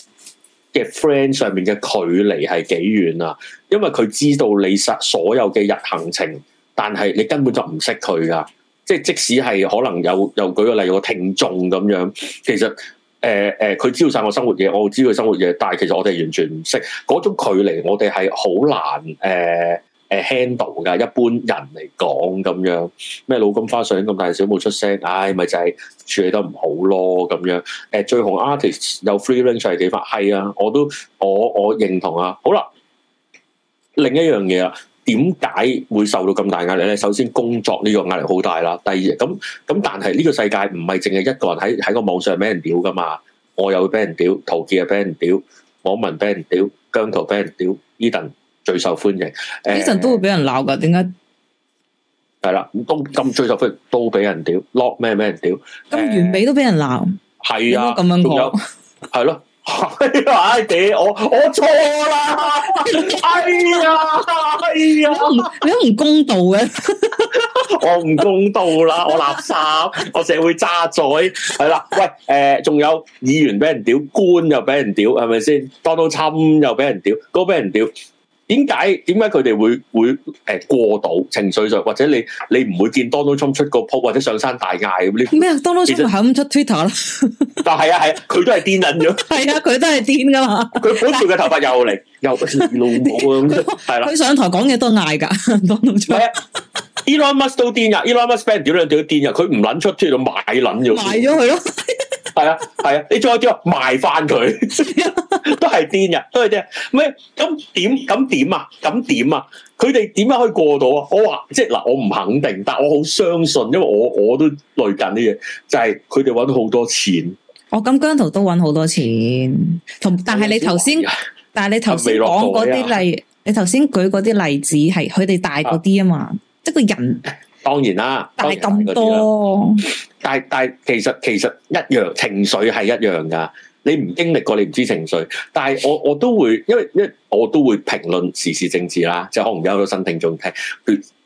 嘅 friend 上面嘅距離係幾遠啊，因為佢知道你實所有嘅日行程，但係你根本就唔識佢㗎，即係即使係可能有又舉個例子，個聽眾咁樣，其實誒誒，佢、呃呃、知道晒我生活嘢，我知佢生活嘢，但係其實我哋完全唔識嗰種距離，我哋係好難誒。誒，handle 噶，一般人嚟講咁樣，咩老金花上咁大小冇出聲，唉、哎，咪就係、是、處理得唔好咯，咁樣。誒、啊，最紅 artist 有 free range 係幾百，係啊，我都我我認同啊。好啦，另一樣嘢啊，點解會受到咁大壓力咧？首先工作呢個壓力好大啦。第二咁咁，但係呢個世界唔係淨係一個人喺喺個網上俾人屌噶嘛，我又俾人屌，陶傑又俾人屌，網民俾人屌，姜濤俾人屌，Eden。最受歡迎呢陣都會俾人鬧噶，點解係啦？咁咁最受歡迎都俾人屌落咩 c k 咩咩屌咁完美都俾人鬧係啊？咁樣講係咯，哎呀，我我錯啦，係啊係啊，你都唔公道嘅， 我唔公道啦，我垃圾，我社會渣嘴！係啦。喂，誒、呃，仲有議員俾人屌，官又俾人屌，係咪先當到侵又俾人屌，個俾人屌。點解點解佢哋會會誒過度情緒上，或者你你唔會見 Donald Trump 出個 post 或者上山大嗌咁呢？咩啊 ？Donald Trump 肯出 Twitter 啦，但係啊係，佢都係癲捻咗，係啊，佢都係癲噶嘛，佢本嚟嘅頭髮又嚟又露毛咁，係啦，佢上台講嘢都嗌噶 Donald Trump，Elon Musk 都癲噶，Elon Musk 點樣點樣癲噶，佢唔捻出 Twitter 賣捻咗，賣咗佢咯。 係啊，係啊，你再再賣翻佢，都係癲嘅，都係啫。咩咁點咁點啊？咁點啊？佢哋點樣可以過到啊？我話即係嗱，我唔肯定，但我好相信，因為我我都累緊呢嘢，就係佢哋搵好多錢。我咁、哦、姜濤都搵好多錢，同但係你頭先，但係你頭先講嗰啲例，你頭、啊、先舉嗰啲例子係佢哋大嗰啲啊嘛，即係個人。當然啦，但係咁多，但係但係其實其實一樣情緒係一樣噶。你唔經歷過，你唔知情緒。但係我我都會，因為一我都會評論時事政治啦，即係可能有好多新聽眾聽。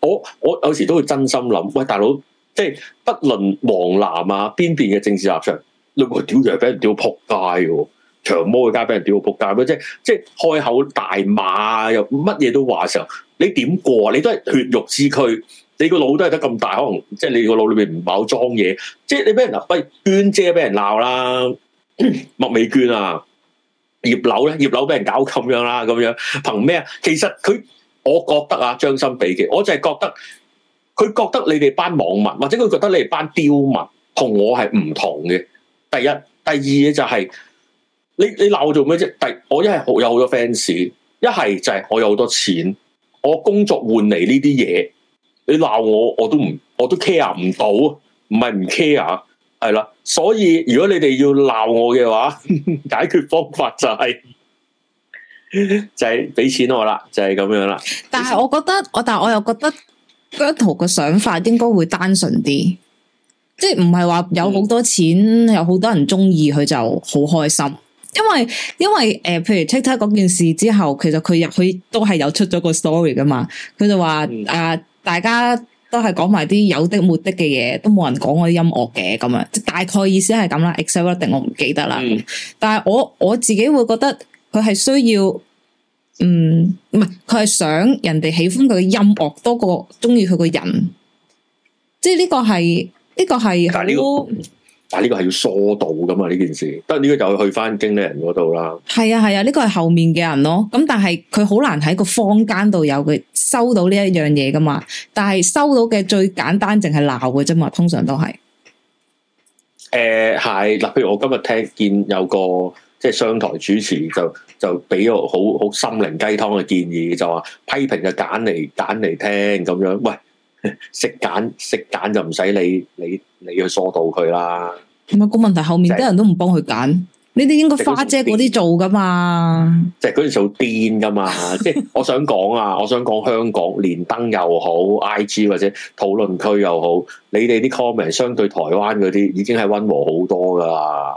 我我有時都會真心諗，喂大佬，即、就、係、是、不論黃藍啊邊邊嘅政治立場，兩個屌仔俾人屌仆街嘅，長毛嘅家俾人屌仆街咁，即係即係開口大罵又乜嘢都話嘅時候，你點過啊？你都係血肉之軀。你個腦都係得咁大，可能即係你個腦裏邊唔飽裝嘢，即係你俾人嗱，不如娟姐俾人鬧啦， 麥美娟啊，葉劉咧，葉劉俾人搞咁樣啦，啊，咁樣憑咩啊？其實佢，我覺得啊，將心比己，我就係覺得佢覺得你哋班網民，或者佢覺得你哋班刁民，同我係唔同嘅。第一、第二嘅就係、是、你你鬧我做咩啫？第我一係好有好多 fans，一係就係我有好多錢，我工作換嚟呢啲嘢。你鬧我，我都唔，我都 care 唔到，唔係唔 care，係啦。所以如果你哋要鬧我嘅話， 解決方法就係、是、 就係俾錢我啦，就係、是、咁樣啦。但係我覺得，我但係我又覺得姜濤嘅想法應該會單純啲，即係唔係話有好多錢，嗯、有好多人中意佢就好開心。因為因為誒、呃，譬如 TikTok 嗰件事之後，其實佢入去都係有出咗個 story 噶嘛，佢就話啊。嗯大家都係講埋啲有的沒的嘅嘢，都冇人講我啲音樂嘅咁樣，即大概意思係咁啦。exactly 我唔記得啦，嗯、但係我我自己會覺得佢係需要，嗯，唔係佢係想人哋喜歡佢嘅音樂多過中意佢個人，即係呢個係呢、這個係但呢、啊，這個係要疏導噶嘛？呢件事，不得呢個就去翻經理人嗰度啦。係啊係啊，呢、啊這個係後面嘅人咯。咁但係佢好難喺個坊間度有佢收到呢一樣嘢噶嘛？但係收到嘅最簡單淨係鬧嘅啫嘛，通常都係。誒係、呃，嗱、啊，譬如我今日聽見有個即係商台主持就就俾個好好心靈雞湯嘅建議，就話批評就揀嚟揀嚟聽咁樣喂。識揀識揀，就唔使你你你去疏導佢啦。唔係個問題，後面啲人都唔幫佢揀，就是、你哋應該花姐嗰啲做㗎嘛。即係嗰啲做癲㗎嘛。 即係我想講啊，我想講香港連登又好，IG 或者討論區又好，你哋啲 comment 相對台灣嗰啲已經係溫和好多㗎啦。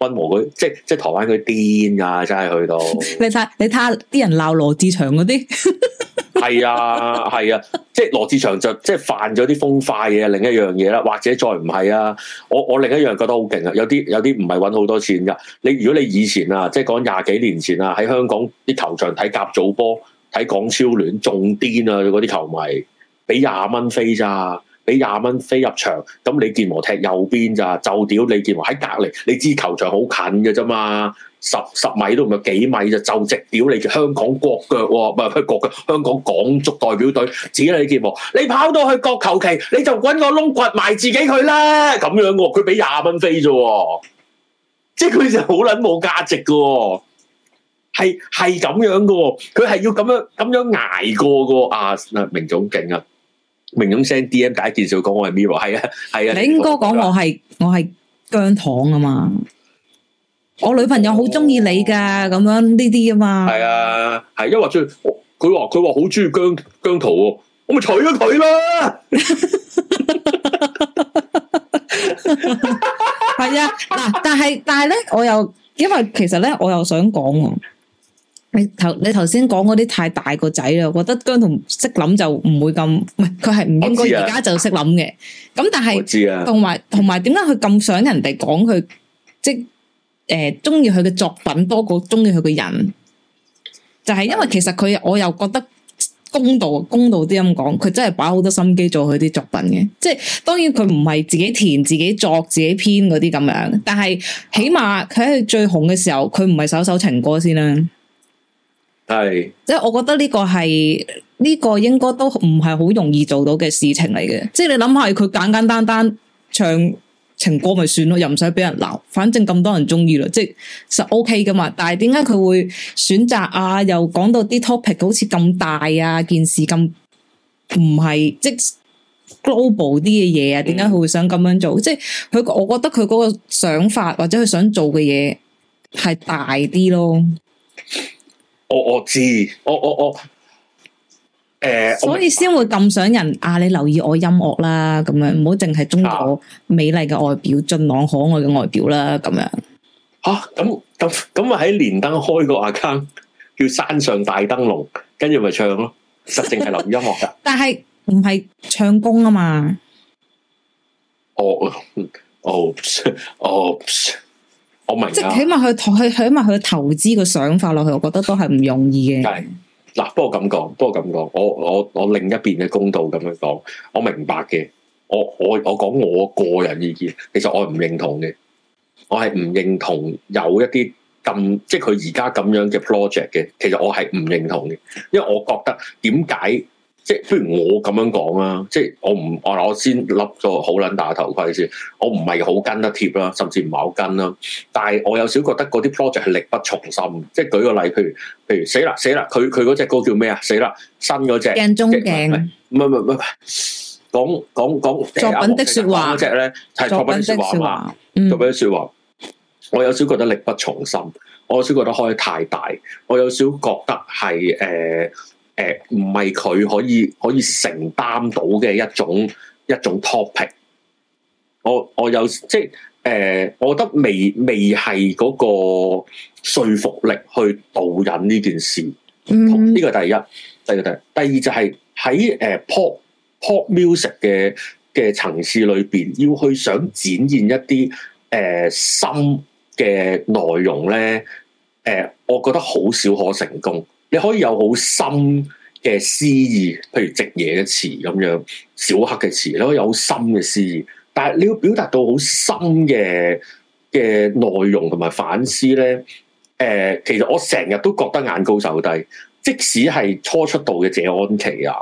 溫和佢即係即係台灣佢癲啊，真係去到。 你睇你睇下啲人鬧羅志祥嗰啲。 係 啊，係啊，即係羅志祥就即係犯咗啲風化嘅另一樣嘢啦，或者再唔係啊，我我另一樣覺得好勁啊，有啲有啲唔係搵好多錢噶，你如果你以前,前啊，即係講廿幾年前啊，喺香港啲球場睇甲組波，睇港超聯，仲癲啊，嗰啲球迷俾廿蚊飛咋。俾廿蚊飛入場，咁李健和踢右邊咋就屌李健和喺隔籬，你知球場好近嘅啫嘛，十十米都唔係幾米就，就直屌你香港國腳唔係佢國腳，香港港足代表隊，自己李健和你跑到去國球期，你就搵個窿掘埋自己佢啦，咁樣嘅、哦，佢俾廿蚊飛啫，即係佢就好撚冇價值嘅、哦，係係咁樣嘅、哦，佢係要咁樣咁樣挨過嘅、哦，阿明總勁啊！明總 send D M 第一件事講我係 Mirror，係啊係啊，你應該講我係我係姜糖啊嘛，我女朋友好中意你噶咁樣呢啲啊嘛，係啊係，因為最佢話佢話好中意姜姜糖喎，我咪娶咗佢啦，係啊嗱，但係但係咧，我又因為其實咧，我又想講。你頭你頭先講嗰啲太大個仔啦，我覺得姜濤識諗就唔會咁，佢係唔應該而家就識諗嘅。咁但係同埋同埋點解佢咁想人哋講佢即係誒，中意佢嘅作品多過中意佢個人，就係、是、因為其實佢我又覺得公道公道啲咁講，佢真係擺好多心機做佢啲作品嘅。即係當然佢唔係自己填、自己作、自己編嗰啲咁樣，但係起碼佢喺佢最紅嘅時候，佢唔係首首情歌先啦。係，即係我覺得呢個係呢個應該都唔係好容易做到嘅事情嚟嘅。即係你諗下，佢簡簡單單唱情歌咪算咯，又唔使俾人鬧，反正咁多人中意啦，即係實 OK 噶嘛。但係點解佢會選擇啊？又講到啲 topic 好似咁大啊，件事咁唔係即係 global 啲嘅嘢啊？點解佢會想咁樣做？即係佢，我覺得佢嗰個想法或者佢想做嘅嘢係大啲咯。我我知，我我我，誒，所以先會咁想人啊，你留意我音樂啦，咁樣唔好淨係中意我美麗嘅外表、俊、uh. 朗可愛嘅外表啦，咁樣。吓，咁咁咁啊？喺、啊啊啊那個那個、連登開個 account 叫山上大燈籠，跟住咪唱咯、啊，實淨係留意音樂噶。 但係唔係唱功啊嘛。惡惡惡！我明，即係起碼佢投，佢起碼佢投資個想法落去，我覺得都係唔容易嘅。嗱，不過咁講，不過咁講，我我我另一邊嘅公道咁樣講，我明白嘅。我我我講我個人意見，其實我唔認同嘅。我係唔認同有一啲咁，即係佢而家咁樣嘅 project 嘅。其實我係唔認同嘅，因為我覺得點解？即係，不如我咁樣講啦，即係我唔，我我先笠咗好撚大頭盔先，我唔係好跟得貼啦，甚至唔係好跟啦。但係我有少覺得嗰啲 project 係力不從心。即係舉個例，譬如譬如死啦死啦，佢佢嗰隻歌叫咩啊？死啦新嗰隻鏡中鏡，唔係唔係唔係，講講講作品的說話嗰隻咧係作品的說話，說作品的說話。嗯、說話我有少覺得力不從心，我有少覺得開得太大，我有少覺得係誒。呃誒，唔係佢可以可以承擔到嘅一種一種 topic，我我有即係誒、呃，我覺得未未係嗰個說服力去導引呢件事，呢、這個這個第一，第二第第二就係喺誒 pop pop music 嘅嘅層次裏邊，要去想展現一啲誒深嘅內容咧，誒、呃，我覺得好少可成功。你可以有好深嘅詩意，譬如夕爺嘅詞咁樣，小克嘅詞，你可以有好深嘅詩意。但係你要表達到好深嘅嘅內容同埋反思咧，誒、呃，其實我成日都覺得眼高手低。即使係初出道嘅謝安琪啊，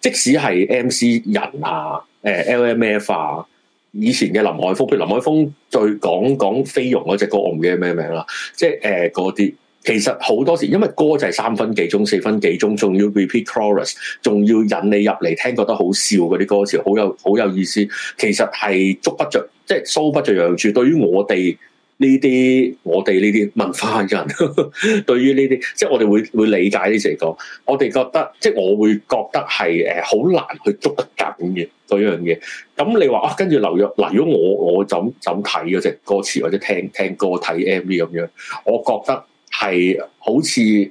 即使係 MC 仁啊，誒、呃、LMF 啊，以前嘅林海峰，譬如林海峰再講講飛鷹嗰隻歌，我唔記得咩名啦，即係誒嗰啲。呃其實好多時，因為歌就係三分幾鐘、四分幾鐘，仲要 repeat chorus，仲要引你入嚟聽，覺得好笑嗰啲歌詞，好有好有意思。其實係捉不着，即係收不着。羊處。對於我哋呢啲，我哋呢啲文化人， 對於呢啲，即係我哋會會理解呢四個。我哋覺得，即係我會覺得係誒好難去捉得緊嘅嗰樣嘢。咁你話啊，跟住留約嗱，如果我我就咁睇嗰隻歌詞，或者聽聽歌睇 MV 咁樣，我覺得。係好似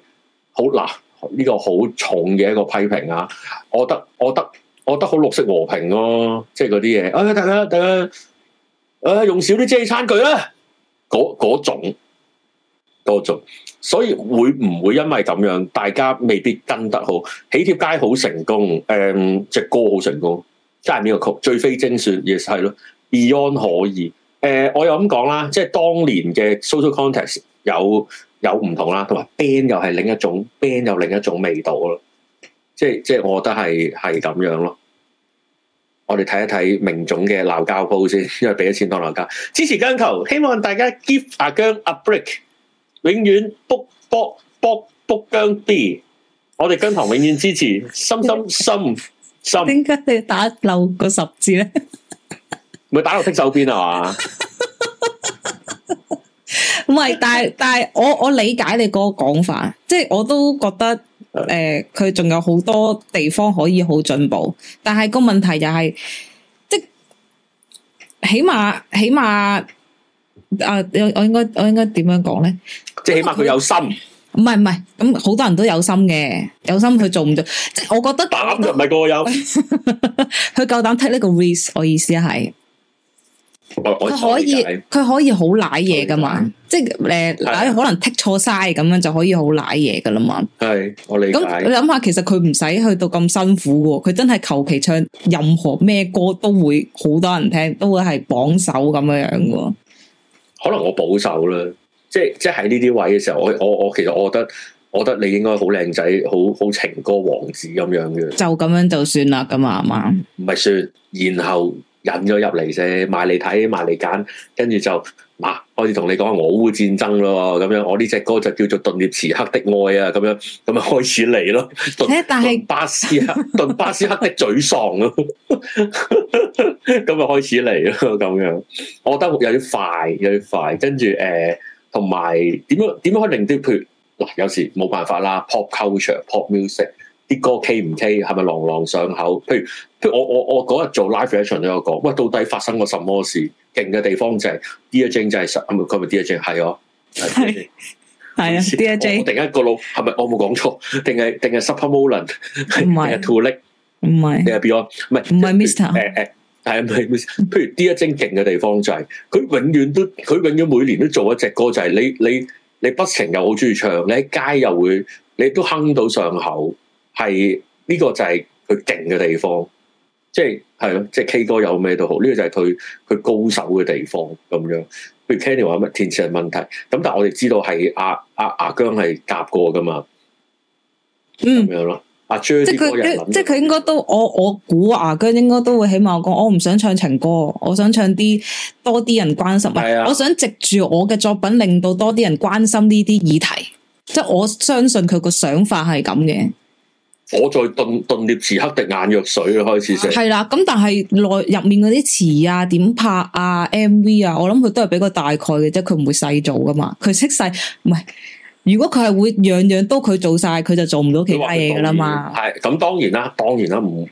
好嗱呢、啊，這個好重嘅一個批評啊！我覺得我覺得我覺得好綠色和平咯，啊，即係嗰啲嘢，哎大家大家，誒、哎、用少啲即棄餐具啦，嗰嗰種，嗰種，所以會唔會因為咁樣，大家未必跟得好？喜帖街好成功，誒、嗯、隻歌好成功，真係呢個曲最非精選，亦係咯，Beyond 可以，誒、嗯、我又咁講啦，即係當年嘅 social context 有。有唔同啦，同埋 band 又係另一種，band 又另一種味道咯。即係即係，我覺得係係咁樣咯。我哋睇一睇明種嘅鬧交煲先，因為俾咗錢當鬧交支持姜球，希望大家 give 阿姜 a break，永遠 book book book book, book 姜 B。我哋姜球永遠支持，心心心心。點解你打漏個十字咧？咪 打落踢手邊係嘛？唔係，但係但係，我我理解你嗰個講法，即係我都覺得誒，佢仲有好多地方可以好進步。但係個問題就係，即係起碼起碼，啊，我我應該我應該點樣講咧？即係起碼佢有心，唔係唔係咁，好多人都有心嘅，有心佢做唔到。即係我覺得膽係咪過有？佢夠膽踢呢個 risk，我意思係。佢可以，佢可以好瀨嘢噶嘛？即係誒，瀨可能剔錯晒咁樣就可以好瀨嘢噶啦嘛。係，我理解。咁你諗下，其實佢唔使去到咁辛苦嘅，佢真係求其唱任何咩歌都會好多人聽，都會係榜首咁樣樣嘅。可能我保守啦，即係即係喺呢啲位嘅時候，我我我其實我覺得，我覺得你應該好靚仔，好好情歌王子咁樣嘅。就咁樣就算啦，咁啊嘛，唔係算，然後。引咗入嚟啫，買嚟睇，買嚟揀，啊、跟住就嗱，開始同你講俄烏戰爭咯，咁樣我呢隻歌就叫做《頓涅茨克的愛》啊，咁樣咁咪開始嚟咯。頓，但是頓巴斯克，頓 巴斯克嘅沮喪咯，咁 咪開始嚟咯，咁樣。我覺得有啲快，有啲快，跟住誒，同埋點樣點樣可以令啲譬如嗱、啊，有時冇辦法啦，pop culture，pop music，啲歌 K 唔 K，係咪朗朗上口？譬如。譬如我我我嗰日做 live 一場都有講，喂到底發生過什麼事？勁嘅地方就係、是就是、Dear Jane 就係什咁佢咪 Dear Jane 係咯，係啊 Dear Jane 定一、那個佬係咪我冇講錯？定係定係 Supper Moment，定係 ToNick 唔係定係 Beyond，唔係唔係 Mr。誒誒誒唔係。譬如 Dear Jane 勁嘅地方就係、是、佢永遠都佢永遠每年都做一隻歌就係、是、你你你，你，你不成又好中意唱，你喺街又會你都哼到上口，係呢、這個就係佢勁嘅地方。即係係咯，即係 K 歌有咩都好，呢個就係佢佢高手嘅地方咁樣。譬如 Kenny 話乜填詞問題，咁但係我哋知道係阿阿阿姜係夾過噶嘛，咁、嗯、樣咯。阿 Jer、即佢佢應該都，我我估阿姜應該都會起碼講，我唔想唱情歌，我想唱啲多啲人關心。係啊，我想藉住我嘅作品，令到多啲人關心呢啲議題。即係我相信佢個想法係咁嘅。我再燉燉聶慈黑滴眼藥水開始食。係啦，咁但係內入面嗰啲詞啊、點、啊啊、拍啊、MV 啊，我諗佢都係比較大概嘅啫，佢唔會細做噶嘛。佢識細，唔係，如果佢係會樣樣都佢做晒，佢就做唔到其他嘢噶啦嘛。係咁，啊、當然啦，當然啦，唔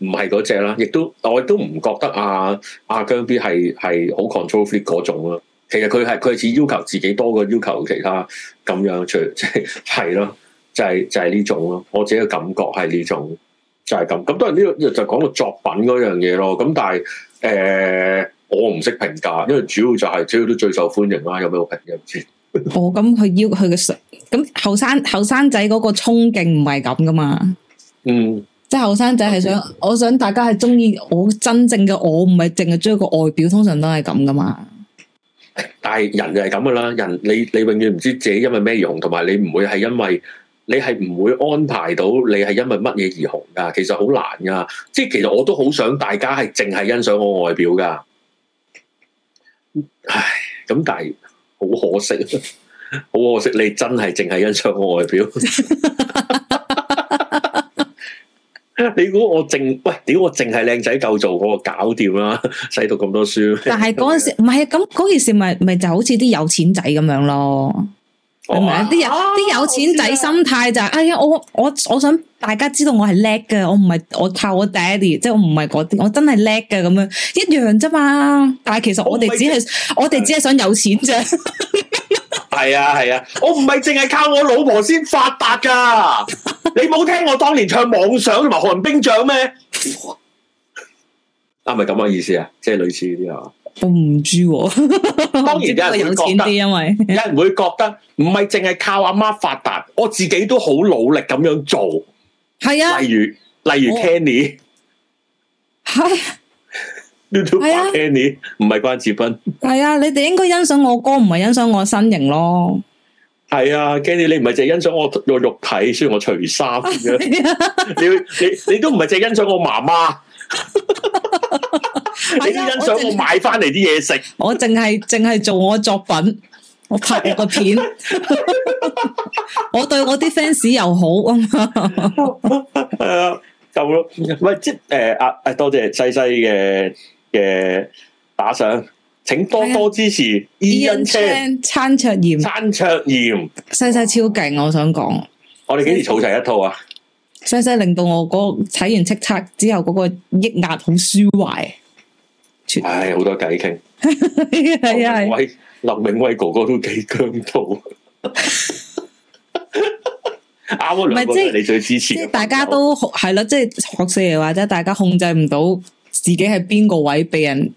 唔係嗰隻啦，亦都我亦都唔覺得阿、啊、阿、啊、姜 B 係係好 control fit 嗰種啦。其實佢係佢係只要求自己多過要求其他咁樣，出即係係咯。 就係就係呢種咯，我自己嘅感覺係呢種，就係、是、咁。咁當然呢個就講到作品嗰樣嘢咯。咁但係誒、呃，我唔識評價，因為主要就係、是、主要都最受歡迎啦。有咩好評嘅唔知。哦，咁佢要佢嘅咁後生後生仔嗰個衝勁唔係咁噶嘛？嗯，即係後生仔係想，我想大家係中意我真正嘅我，唔係淨係追個外表，通常都係咁噶嘛。但係人就係咁噶啦，人你你永遠唔知自己因為咩用，同埋你唔會係因為。你係唔會安排到，你係因為乜嘢而紅噶？其實好難噶，即係其實我都好想大家係淨係欣賞我外表噶。唉，咁但係好可惜，好可惜，你真係淨係欣賞我外表。 你估我淨喂屌？我淨係靚仔夠做，我搞掂啦！使讀咁多書，但係嗰陣時唔係咁嗰件事，咪咪 就好似啲有錢仔咁樣咯。啲人啲有錢仔心態就係、是，像啊、哎呀，我我我想大家知道我係叻嘅，我唔係我靠我爹哋，即係我唔係嗰啲，我真係叻嘅咁樣，一樣啫嘛。但係其實我哋只係我哋只係想有錢啫 啊。係啊係啊，我唔係淨係靠我老婆先發達噶， 你冇聽我當年唱妄想同埋寒冰掌咩？啊，係咪咁嘅意思啊？即、就、係、是、類似啲啊。我唔知，當然有人會覺得， 因為有人會覺得唔係淨係靠阿媽發達，我自己都好努力咁樣做。係啊，例如，例如例如 Kenny，你都話 Kenny 唔係關智斌？係啊，你哋應該欣賞我哥，唔係欣賞我身形咯。係啊 Kenny 你唔係淨係欣賞我個肉體，雖然我除衫是、啊， 你你你都唔係淨係欣賞我媽媽。 你欣賞我買翻嚟啲嘢食，我淨係淨係做我作品，我拍個片，我對我啲 fans 又好啊。嘛、 哎？啊，夠咯。唔係即係誒阿誒多謝西西嘅嘅打賞，請多多支持 Ian Chan，陳卓賢，陳卓賢，西西 Ian Chan, 超勁，我想講。我哋幾時儲齊一套啊？西西令到我嗰睇完《叱咤》之後嗰個抑壓好舒懷。唉，好、哎、多偈傾。林 是永威，林 永威哥哥都幾姜濤。唔係即係，你最支持。即大家都係咯，即係、就是、學四爺話齋，大家控制唔到自己係邊個位，畀人。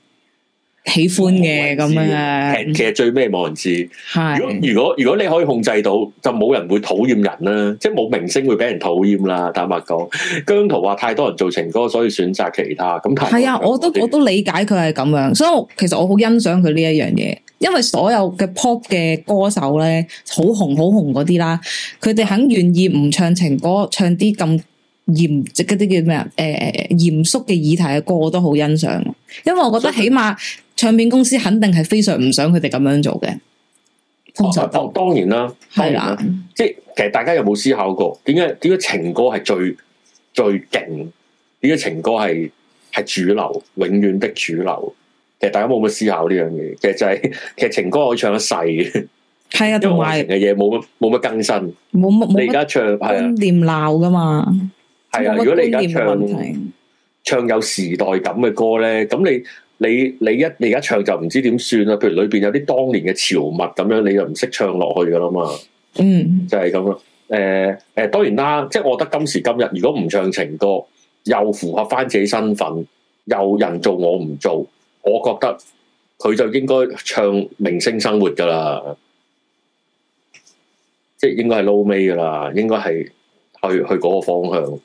喜歡嘅咁樣，其實其實最尾冇人知。係，如果如果如果你可以控制到，就冇人會討厭人啦，即係冇明星會俾人討厭啦。坦白講，姜濤話太多人做情歌，所以選擇其他。咁係啊，我都我都理解佢係咁樣，所以我其實我好欣賞佢呢一樣嘢，因為所有嘅 pop 嘅歌手咧，好紅好紅嗰啲啦，佢哋肯願意唔唱情歌，唱啲咁嚴即係啲叫咩啊？誒誒嚴肅嘅議題嘅歌，我都好欣賞，因為我覺得起碼。唱片公司肯定係非常唔想佢哋咁樣做嘅，通常都當然啦，係啦的，即係其，其實大家有冇思考過？點解點解情歌係最最勁？點解情歌係係主流，永遠的主流？其實大家冇乜思考呢樣嘢？其實就係、是、其實情歌可以唱一世嘅，係啊的，同埋嘅嘢冇乜冇乜更新，冇乜有你而家唱念鬧噶嘛？係啊，如果你而家唱唱有時代感嘅歌咧，咁你。你你一你一唱就唔知點算啦，譬如裏邊有啲當年嘅潮物咁樣，你就唔識唱落去噶啦嘛，嗯，就係咁咯。誒、呃、誒、呃，當然啦，即係我覺得今時今日，如果唔唱情歌，又符合翻自己身份，又人做我唔做，我覺得佢就應該唱明星生活噶啦，即係應該係撈尾噶啦，應該係去去嗰個方向。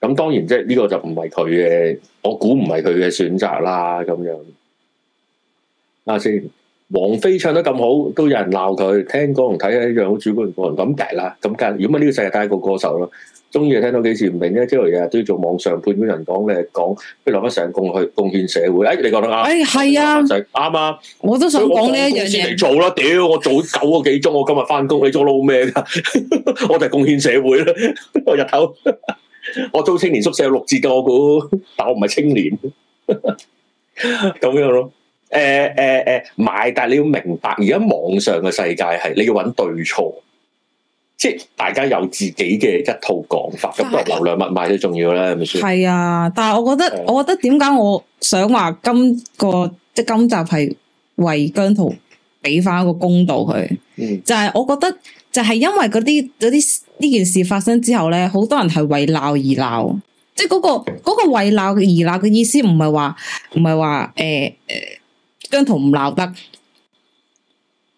咁當然即係呢個就唔係佢嘅，我估唔係佢嘅選擇啦。咁樣啱先，王菲唱得咁好，都有人鬧佢。聽歌同睇啊呢樣好主觀，個人咁計啦。咁梗，如果唔係呢個世界第一個歌手咯。中意就聽到幾時，唔明咧，即係日日都要做網上判官，人講咩講，不如諗一成日貢獻貢獻社會。哎，你覺得啱？哎，係啊，啱啊實。我都想講呢對一樣你做啦，屌！我做， 我做九個幾鐘，我今日翻工，你做撈咩？ 我就貢獻社會啦， 我日頭。 我租青年宿舍有六折嘅，我估，但我唔係青年，咁樣咯。誒誒誒，買，但係你要明白，而家網上嘅世界係你要揾對錯，即係大家有自己嘅一套講法。咁當然流量密碼都重要啦，係咪先？係啊，但係我覺得，我覺得點解我想話今個即係今集係為姜濤俾翻一個公道佢，就係、是、我覺得就係因為啲嗰啲。呢件事發生之後咧，好多人係為鬧而鬧，即係嗰個嗰個為鬧而鬧嘅意思，唔係話唔係話誒誒，姜濤唔鬧得，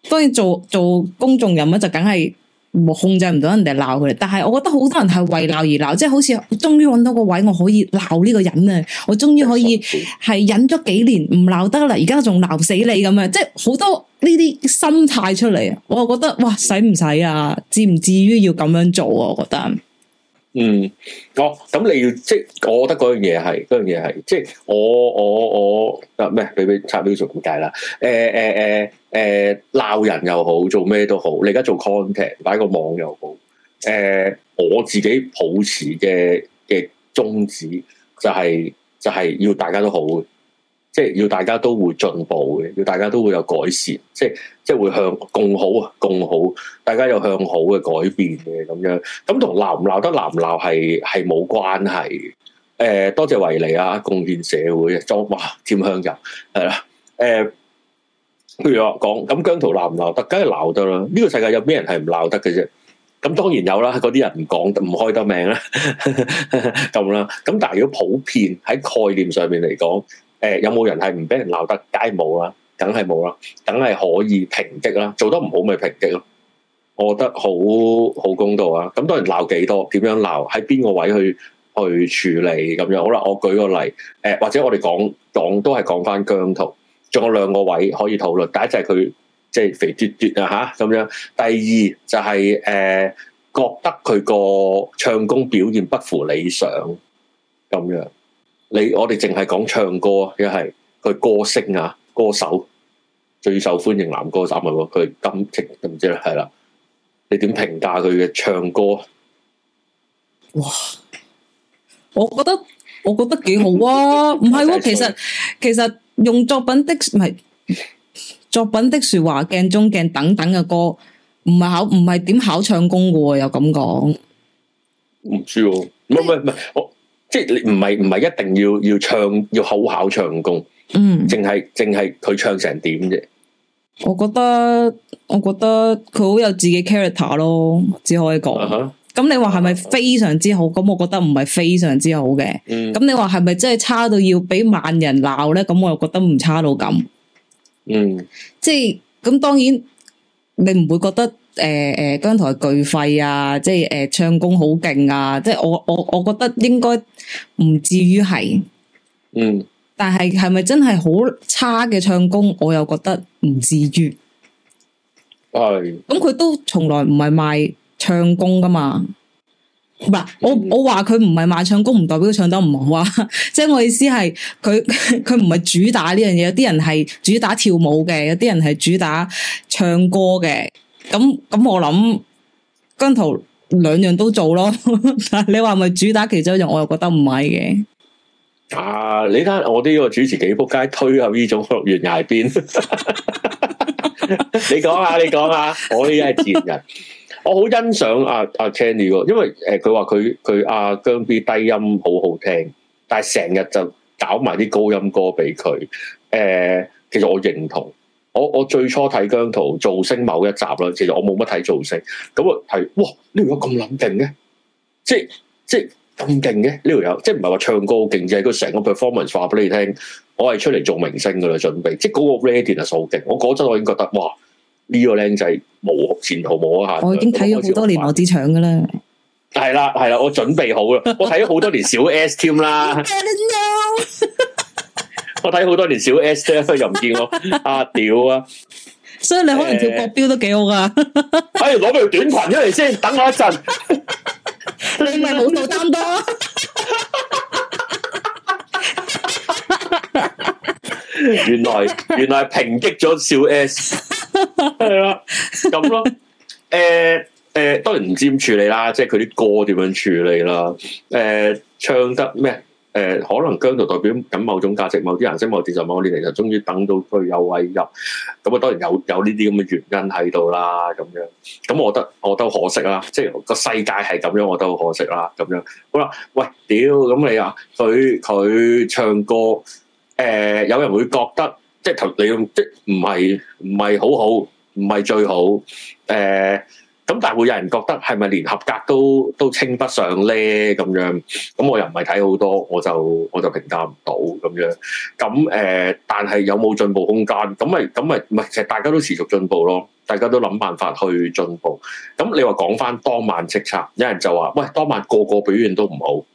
當然做做公眾人物就梗係。我控制唔到人哋鬧佢，但係我覺得好多人係為鬧而鬧，即係好似終於揾到個位，我可以鬧呢個人啊！我終於可以係忍咗幾年唔鬧得啦，而家仲鬧死你咁樣，即係好多呢啲心態出嚟我又覺得哇，使唔使啊？至唔至於要咁樣做啊？我覺得。嗯，哦，咁你要即係，我覺得嗰樣嘢係，嗰樣嘢係，即係我我我，啊，咩，係，俾俾插俾做中介啦，誒誒誒誒，鬧、欸欸、人又好，做咩都好，你而家做 content 擺個網又好，誒、欸，我自己抱持嘅嘅宗旨就係、是、就係、是、要大家都好。即係要大家都會進步嘅，要大家都會有改善，即係即係會向共好共好，大家有向好嘅改變嘅咁樣。咁同鬧唔鬧得鬧唔鬧係係冇關係。誒、呃，多謝維尼啊，貢獻社會，裝哇，添香人係啦。誒、呃，譬如話講，咁姜濤鬧唔鬧得，梗係鬧得啦。呢、呢個世界有咩人係唔鬧得嘅啫？咁當然有啦，嗰啲人唔講得唔開得命啦，咁 啦。咁但係如果普遍喺概念上面嚟講。誒、欸，有冇人係唔俾人鬧得？梗係冇啦，梗係冇啦，梗係可以評擊啦。做得唔好咪評擊咯。我覺得好好公道啊。咁當然鬧幾多，點樣鬧，喺邊個位去去處理咁樣。好啦，我舉個例。誒、欸，或者我哋講講都係講翻姜濤。仲有兩個位可以討論。第一就係佢即係肥嘟嘟啊吓咁樣。第二就係、是、誒、欸，覺得佢個唱功表現不符理想咁樣。你我哋淨係講唱歌，一係佢歌星啊，歌手最受歡迎男歌手咪、啊、喎，佢今次都唔知啦，係啦，你點評價佢嘅唱歌？哇！我覺得我覺得幾好啊，唔係喎，啊、其實其實用作品的唔係作品的說話鏡中鏡等等嘅歌，唔係考唔係點考唱功噶喎、啊，又咁講？唔、嗯、知喎、啊，唔係唔係我。即係你唔係唔係一定要要唱要好考唱功，嗯，淨係淨係佢唱成點啫？我覺得我覺得佢好有自己 character 咯，只可以講。咁、uh huh, 你話係咪非常之好？咁、uh huh. 我覺得唔係非常之好嘅。咁、嗯、你話係咪真係差到要俾萬人鬧咧？咁我又覺得唔差到咁。嗯，即係咁當然你唔會覺得。誒誒，姜濤、呃、巨肺啊！即係誒、呃，唱功好勁啊！即係我我我覺得應該唔至於係，嗯。但係係咪真係好差嘅唱功？我又覺得唔至於。係、哎。咁佢都從來唔係賣唱功噶嘛？唔係，我我話佢唔係賣唱功，唔代表佢唱得唔好啊！ 即係我意思係，佢佢唔係主打呢樣嘢，有啲人係主打跳舞嘅，有啲人係主打唱歌嘅。咁咁我諗，姜濤兩樣都做咯。但係你話係咪主打其中一樣，我又覺得唔係嘅。啊！你睇下我呢個主持幾撲街，推入呢種樂園挨邊。你講下，你講下。我呢啲係自然人。 我好欣賞阿阿 Candy 喎，因為誒佢話佢佢阿姜 B 低音好好聽，但係成日就搞埋啲高音歌俾佢。誒、呃，其實我認同。我我最初睇姜濤造星某一集啦，其實我冇乜睇造星，咁啊，係哇，呢條友咁諗勁嘅？即係即係咁勁嘅呢條友，這個，即係唔係話唱歌勁啫，佢成個 performance 話，俾你聽，我係出嚟，做明星噶啦，準備即係嗰個 rap 段就數勁，我嗰陣我已經覺得哇，呢個靚仔無前途冇，一我已經睇咗好多年羅志祥噶啦，係啦係啦，我準備好啦，我睇咗好多年小 S team 啦。我睇好多年小 S 啫，又唔見我，啊屌啊！所以你可能跳國標都幾好㗎！哎，攞條短裙出嚟先，等我一陣。你咪好老擔當。原來原來係抨擊咗小 S，係啦，咁咯。誒誒，當然唔知點處理啦，即係佢啲歌點樣處理啦。誒、哎，唱得咩？誒，可能姜濤代表緊某種價值，某啲顏色，某件事，某年齡，就終於等到佢有位入，咁啊，當然有有呢啲咁嘅原因喺度啦，咁樣，咁我覺得我都可惜啦，即係個世界係咁樣，我都好可惜啦，咁樣，樣，好啦，喂，屌，咁你啊，佢佢唱歌，誒、呃，有人會覺得，即係頭你即唔係唔係好好，唔係最好，誒、呃。咁但係會有人覺得係咪連合格都都稱不上呢？咁樣咁我又唔係睇好多，我就我就評價唔到咁樣。咁誒、呃，但係有冇進步空間？咁咪咁咪唔係，大家都持續進步咯，大家都諗辦法去進步。咁你話講翻當晚叱咤，有人就話喂當晚個個，個表現都唔好，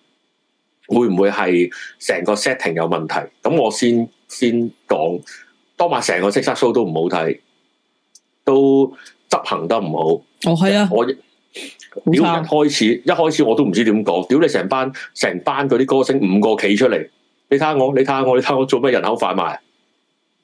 會唔會係成個 setting 有問題？咁我先先講當晚成個叱咤 show 都唔好睇，都。執行得唔好哦，係啊！我冇錯，屌一開始，一開始我都唔知點講，屌你成班成班嗰啲歌星五個企出嚟，你睇下我，你睇下我，你睇我，我做咩人口販賣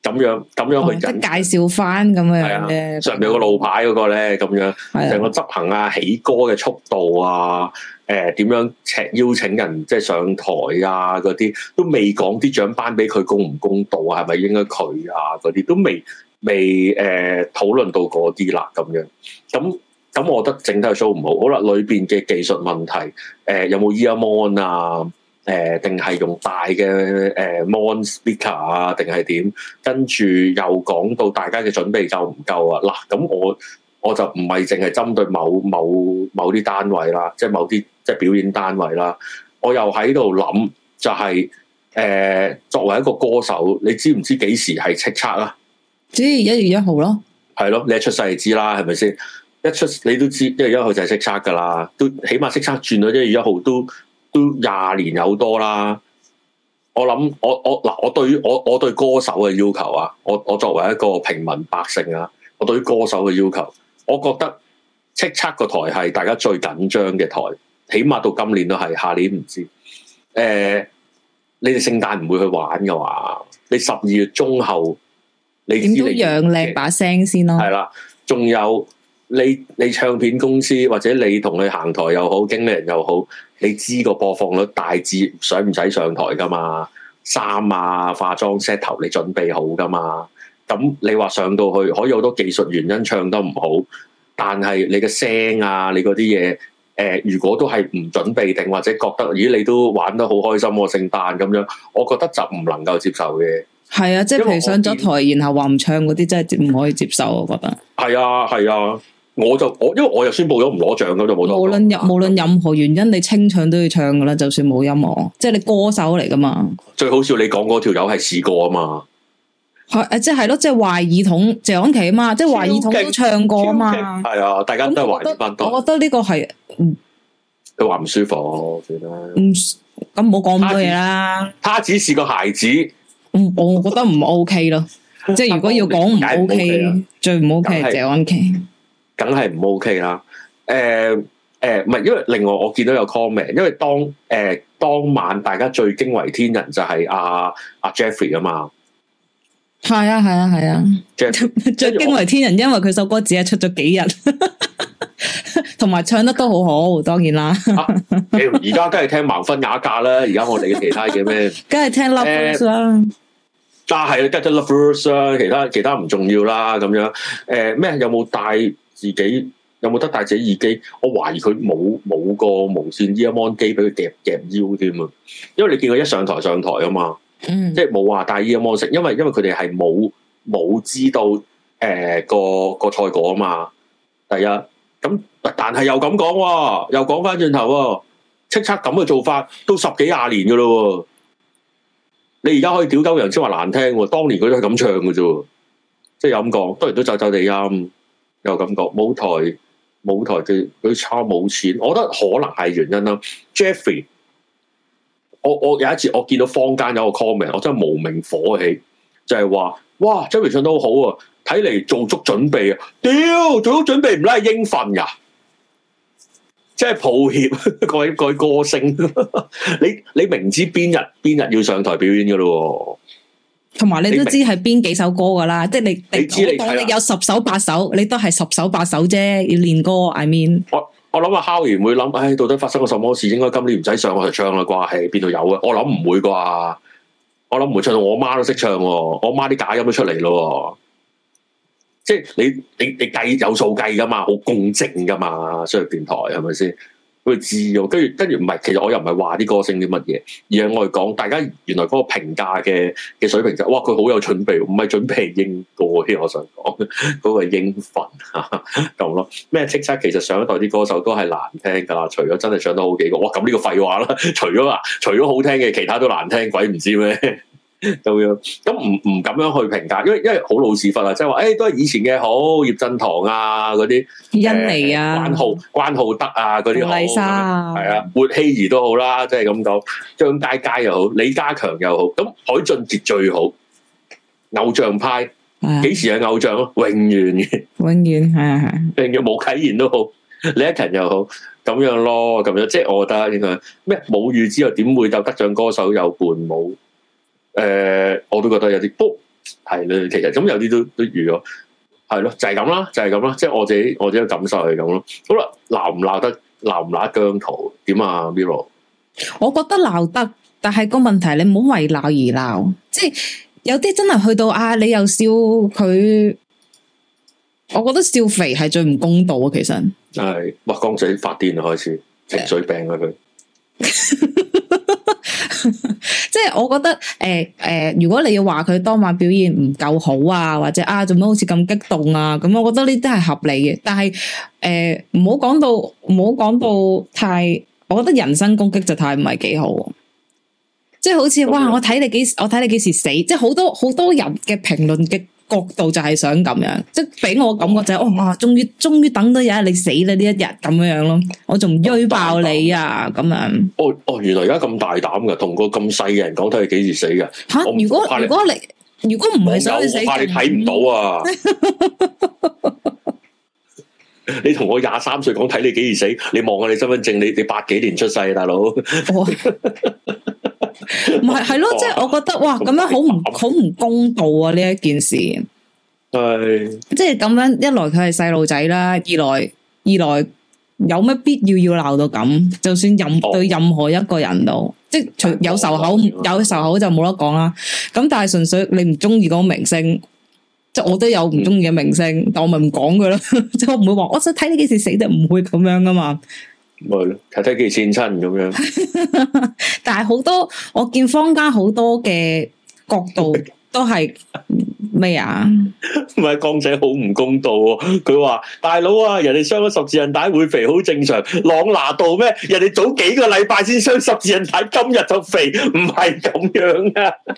咁樣咁樣去、哦、介紹翻咁樣咧，啊、上面有個路牌嗰個咧，咁樣成、啊、個執行啊，起歌嘅速度啊，誒、呃，點樣請邀請人即係上台啊，嗰啲都未講啲獎頒俾佢公唔公道啊，係咪應該佢啊嗰啲都未。都未誒、呃、討論到嗰啲啦，咁樣咁咁，我覺得整體 show 唔好。好啦，裏邊嘅技術問題誒、呃、有冇耳 mon 啊？誒定係用大嘅誒 mon speaker 啊？定係點？跟住又講到大家嘅準備夠唔夠啊？嗱，咁我我就唔係淨係針對某某某啲單位啦，即係某啲即係表演單位啦。我又喺度諗，就係、是、誒、呃、作為一個歌手，你知唔知幾時係叱咤啊？知一月一號咯，係咯，你一出世就知啦，係咪先？一出你都知一月一號就係叱咤噶啦，都起碼叱咤轉咗一月一號都都廿年有多啦。我諗我我嗱我對於我我對歌手嘅要求啊，我我作為一個平民百姓啊，我對於歌手嘅要求，我覺得叱咤個台係大家最緊張嘅台，起碼到今年都係，下年唔知。誒、呃，你哋聖誕唔會去玩嘅話，你十二月中後。你點樣養靚把聲先咯？係啦，仲有你你唱片公司或者你同你行台又好，經理人又好，你知個播放率大致使唔使上台噶嘛？衫啊，化妝 set 頭你準備好噶嘛？咁你話上到去可以有好多技術原因唱得唔好，但係你嘅聲啊，你嗰啲嘢，誒、呃，如果都係唔準備定或者覺得咦，你都玩得好開心，啊，聖誕咁樣，我覺得就唔能夠接受嘅。係啊，即係譬如上咗台，然後話唔唱嗰啲，真係唔可以接受。我覺得係啊，係啊，我就我，因為我又宣布咗唔攞獎咁就冇得。無論論無論任何原因，對 你清唱都要唱噶啦，就算冇音樂，即係你歌手嚟噶嘛。最好笑你講嗰條友係試過啊嘛，係誒，即係咯，即係活希兒同謝安琪啊嘛，即係活希兒都唱過啊嘛，係啊，大家都係活希兒，我覺得呢個係，佢話唔、嗯、舒服我覺得。唔，咁唔好講咁多嘢啦。他只是個孩子。我、 嗯、我覺得唔 OK 咯， 即係如果要講唔 OK，最唔 OK 係謝安琪，梗係唔 OK 啦。誒誒，唔、呃、係、呃、因為另外我見到有 comment，因為當誒、呃、當晚大家最驚為天人就係阿阿 Jeffrey 啊，啊 Jeffrey 嘛，係啊係啊係啊，最驚為天人， 因為佢首歌只係出咗幾日。 同埋 唱得都好好，當然啦、啊。而家梗係聽盲婚啞嫁啦，而家我哋嘅其他嘅咩，梗係 聽 loveless 啦、欸。但係你梗係聽 loveless 啦，其他其他唔重要啦，咁樣。誒、欸、咩？有冇戴自己？有冇得戴自己耳機？我懷疑佢冇冇個無線耳 mon 機俾佢夾夾腰添啊！因為你見佢一上台上台啊嘛，嗯、即係冇話戴耳 mon 模式，因為因為佢哋係冇冇知道誒、呃、個個賽果啊嘛。第一。咁但係又咁講喎，又講翻轉頭喎，叱咤咁嘅做法都十幾廿年噶啦喎，你而家可以屌鳩人先話難聽喎，當年佢都係咁唱嘅啫，即係咁講，當然都走走地音，又咁講，舞台舞台嘅佢差冇錢，我覺得可能係原因啦啊。Jeffrey，我我有一次我見到坊間有一個 comment，我真係無名火氣，就係話。哇，周慧唱得好啊，睇嚟做足準備啊！屌，做足準備唔拉係英訓噶，啊，即係抱歉，各位歌星，你你明知邊日邊日要上台表演噶咯，啊？同埋你都知係邊幾首歌噶啦，明即係你你知你，你有十首八首，的你都係十首八首啫，要練歌。I mean，我我諗阿 Howie 會諗，唉，到底發生咗什麼事？應該今年唔使上台唱啦啩？係邊度有啊？我諗唔會啩。我諗唔會唱到，我阿媽都識唱，我阿媽啲假音都出嚟咯，即係你你你計有數計㗎嘛，好公正㗎嘛，商業電台係咪先？是佢自用，跟住跟住唔係，其實我又唔係話啲歌星啲乜嘢，而係我哋講大家原來嗰個評價嘅嘅水平就，哇，佢好有準備，唔係准評英歌添，我想講嗰、那個英訓啊咁咯。咩？叱咤其實上一代啲歌手都係難聽噶啦，除咗真係唱得好幾個，哇！咁呢個廢話啦，除咗啊，除咗好聽嘅，其他都難聽，鬼唔知咩？咁樣咁唔唔咁樣去評價，因為因為好老屎忽啦，即係話誒，都係以前嘅好葉振棠啊，嗰啲欣妮啊、呃，關浩關浩德啊，嗰啲麗莎係啊，活希兒都好啦，即係咁講張佳佳又好，李家強又好，咁海俊傑最好偶像派，幾時係偶像咯？永遠嘅，永遠係啊，永遠冇啟賢都好，李克勤又好，咁樣咯，咁樣即係我覺得點樣咩？冇預之又點會有得獎歌手有伴舞？誒、呃，我都覺得有啲，book，係咧，其實咁有啲都都預咗，係咯，就係咁啦，就係咁啦，即係我自己我自己感受係咁咯。好啦，鬧唔鬧得，鬧唔鬧姜濤？點啊，Milo？我覺得鬧得，但係個問題你唔好為鬧而鬧，即係有啲真係去到啊，你又笑佢，我覺得笑肥係最唔公道啊。其實係挖江仔發癲開始，情緒病啊佢。 即係我覺得誒誒、呃呃，如果你要話佢當晚表現唔夠好啊，或者啊做乜好似咁激動啊，咁我覺得呢啲係合理嘅。但係誒，唔好講到，唔好講到太，我覺得人身攻擊就太唔係幾好，啊。即係好似哇，我睇你幾，我睇你幾時死？即係好多好多人嘅評論嘅。角度就係想咁樣，即係俾我感覺就係、是，哦、嗯，終於終於等到有日你死啦，呢一日咁樣樣咯，我仲唔追爆你啊咁樣？哦哦、呃呃，原來而家咁大膽噶同個咁細嘅人講睇你幾時死噶？吓哈，我唔不怕，如果你如果唔係想你死，怕你睇唔到啊！ 你同我廿三歲講睇你幾時死？你望下你身份證，你你八幾年出世，大佬。 咪唔係，係咯， 即係我覺得哇，咁樣好唔好唔公道啊！呢一件事，係對即係咁樣，一來佢係細路仔啦，二來二來有乜必要要鬧到咁？就算任、哦、對任何一個人都，即係除有仇口有仇口就冇得講啦。咁但係純粹你唔中意嗰個明星，即係我都有唔中意嘅明星，但我咪唔講佢咯。 即係我唔會話我想睇你幾時死，都唔會咁樣噶嘛。咪咯，睇睇幾線親咁樣。但係好多我見坊間好多嘅角度都係咩啊？唔係姜仔好唔公道喎、啊？佢話大佬啊，人哋傷咗十字韌帶會肥好正常，朗拿度咩？人哋早幾個禮拜先傷十字韌帶，今日就肥，唔係咁樣啊！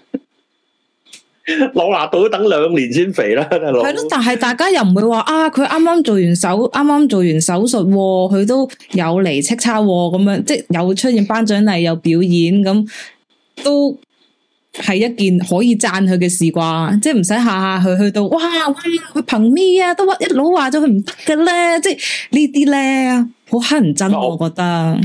老辣到等兩年先肥啦，係咯。 但係大家又唔會話啊，佢啱啱做完手，啱啱做完手術，佢、哦、都有嚟叱咤咁樣，即係有出現頒獎禮，有表演咁，都係一件可以讚佢嘅事啩。即係唔使下下去去到，哇喂，佢憑咩啊？都一路話咗佢唔得嘅咧，即係呢啲咧好乞人憎，我覺得。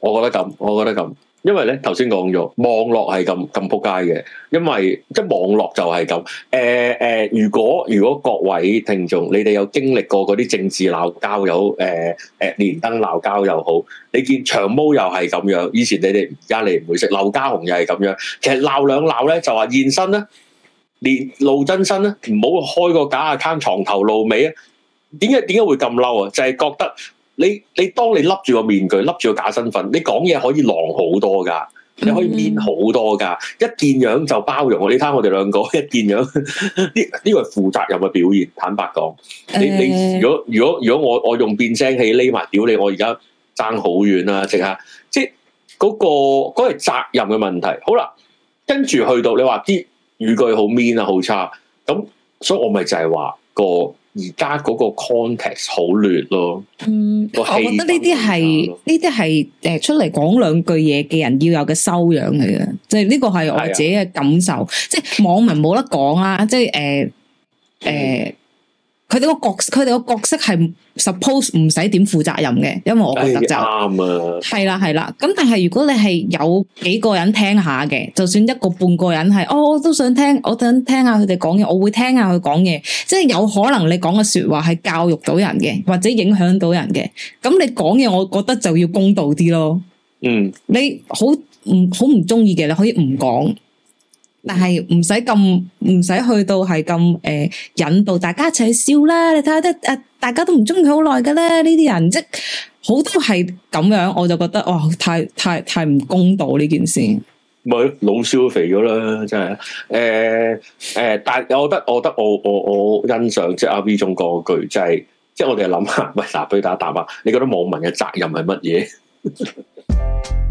我覺得咁，我覺得咁。因為咧，頭先講咗網絡係咁咁撲街嘅，因為即係網絡就係咁。誒、呃、誒、呃，如果如果各位聽眾，你哋有經歷過嗰啲政治鬧交又好，誒、呃、誒，連登鬧交又好，你見長毛又係咁樣，以前你哋而家你唔會識劉家雄又係咁樣。其實鬧兩鬧咧就話現身啦，連露真身啦，唔好開個假 account，藏頭露尾啊！點解點解會咁嬲？啊？就係、是、覺得你你，你當你笠住個面具，笠住個假身份，你講嘢可以狼。好多㗎，你可以面好多㗎，mm hmm. 一見樣就包容。你我你睇我哋兩個一見樣，呢呢個係負責任嘅表現。坦白講，mm hmm. 你你如果如果如果我我用變聲器匿埋屌你，我而家爭好遠啦，即係即係嗰個嗰、嗰個責任嘅問題。好啦，跟住去到你話啲語句好 mean 啊，好差咁，所以我咪就係話、嗰個。而家嗰個 context 好劣咯，嗯，覺我覺得呢啲係呢啲係誒出嚟講兩句嘢嘅人要有嘅修養嚟嘅，即係呢個係我自己嘅感受，是啊、即係網民冇得講啊，即係誒誒。呃呃嗯佢哋個角佢哋個角色係 suppose 唔使點負責任嘅，因為我覺得就係啦係啦，咁、哎啊、但係如果你係有幾個人聽下嘅，就算一個半個人係哦，我都想聽，我想聽下佢哋講嘢，我會聽下佢講嘢，即係有可能你講嘅說話係教育到人嘅，或者影響到人嘅，咁你講嘢，我覺得就要公道啲咯。嗯，你好唔好唔中意嘅，你可以唔講。但係唔使咁唔使去到係咁誒引導大家一齊笑啦！你睇下啲誒大家都唔中意佢好耐噶啦呢啲人，即係好多係咁樣，我就覺得哇、哦，太太太唔公道呢件事。咪、嗯、老少都肥咗啦，真係誒誒！但係我覺得，我覺得我我我,我欣賞即係阿 V 中嗰句，就係即係我哋係諗下，喂，嗱，俾你打答案，你覺得網民嘅責任係乜嘢？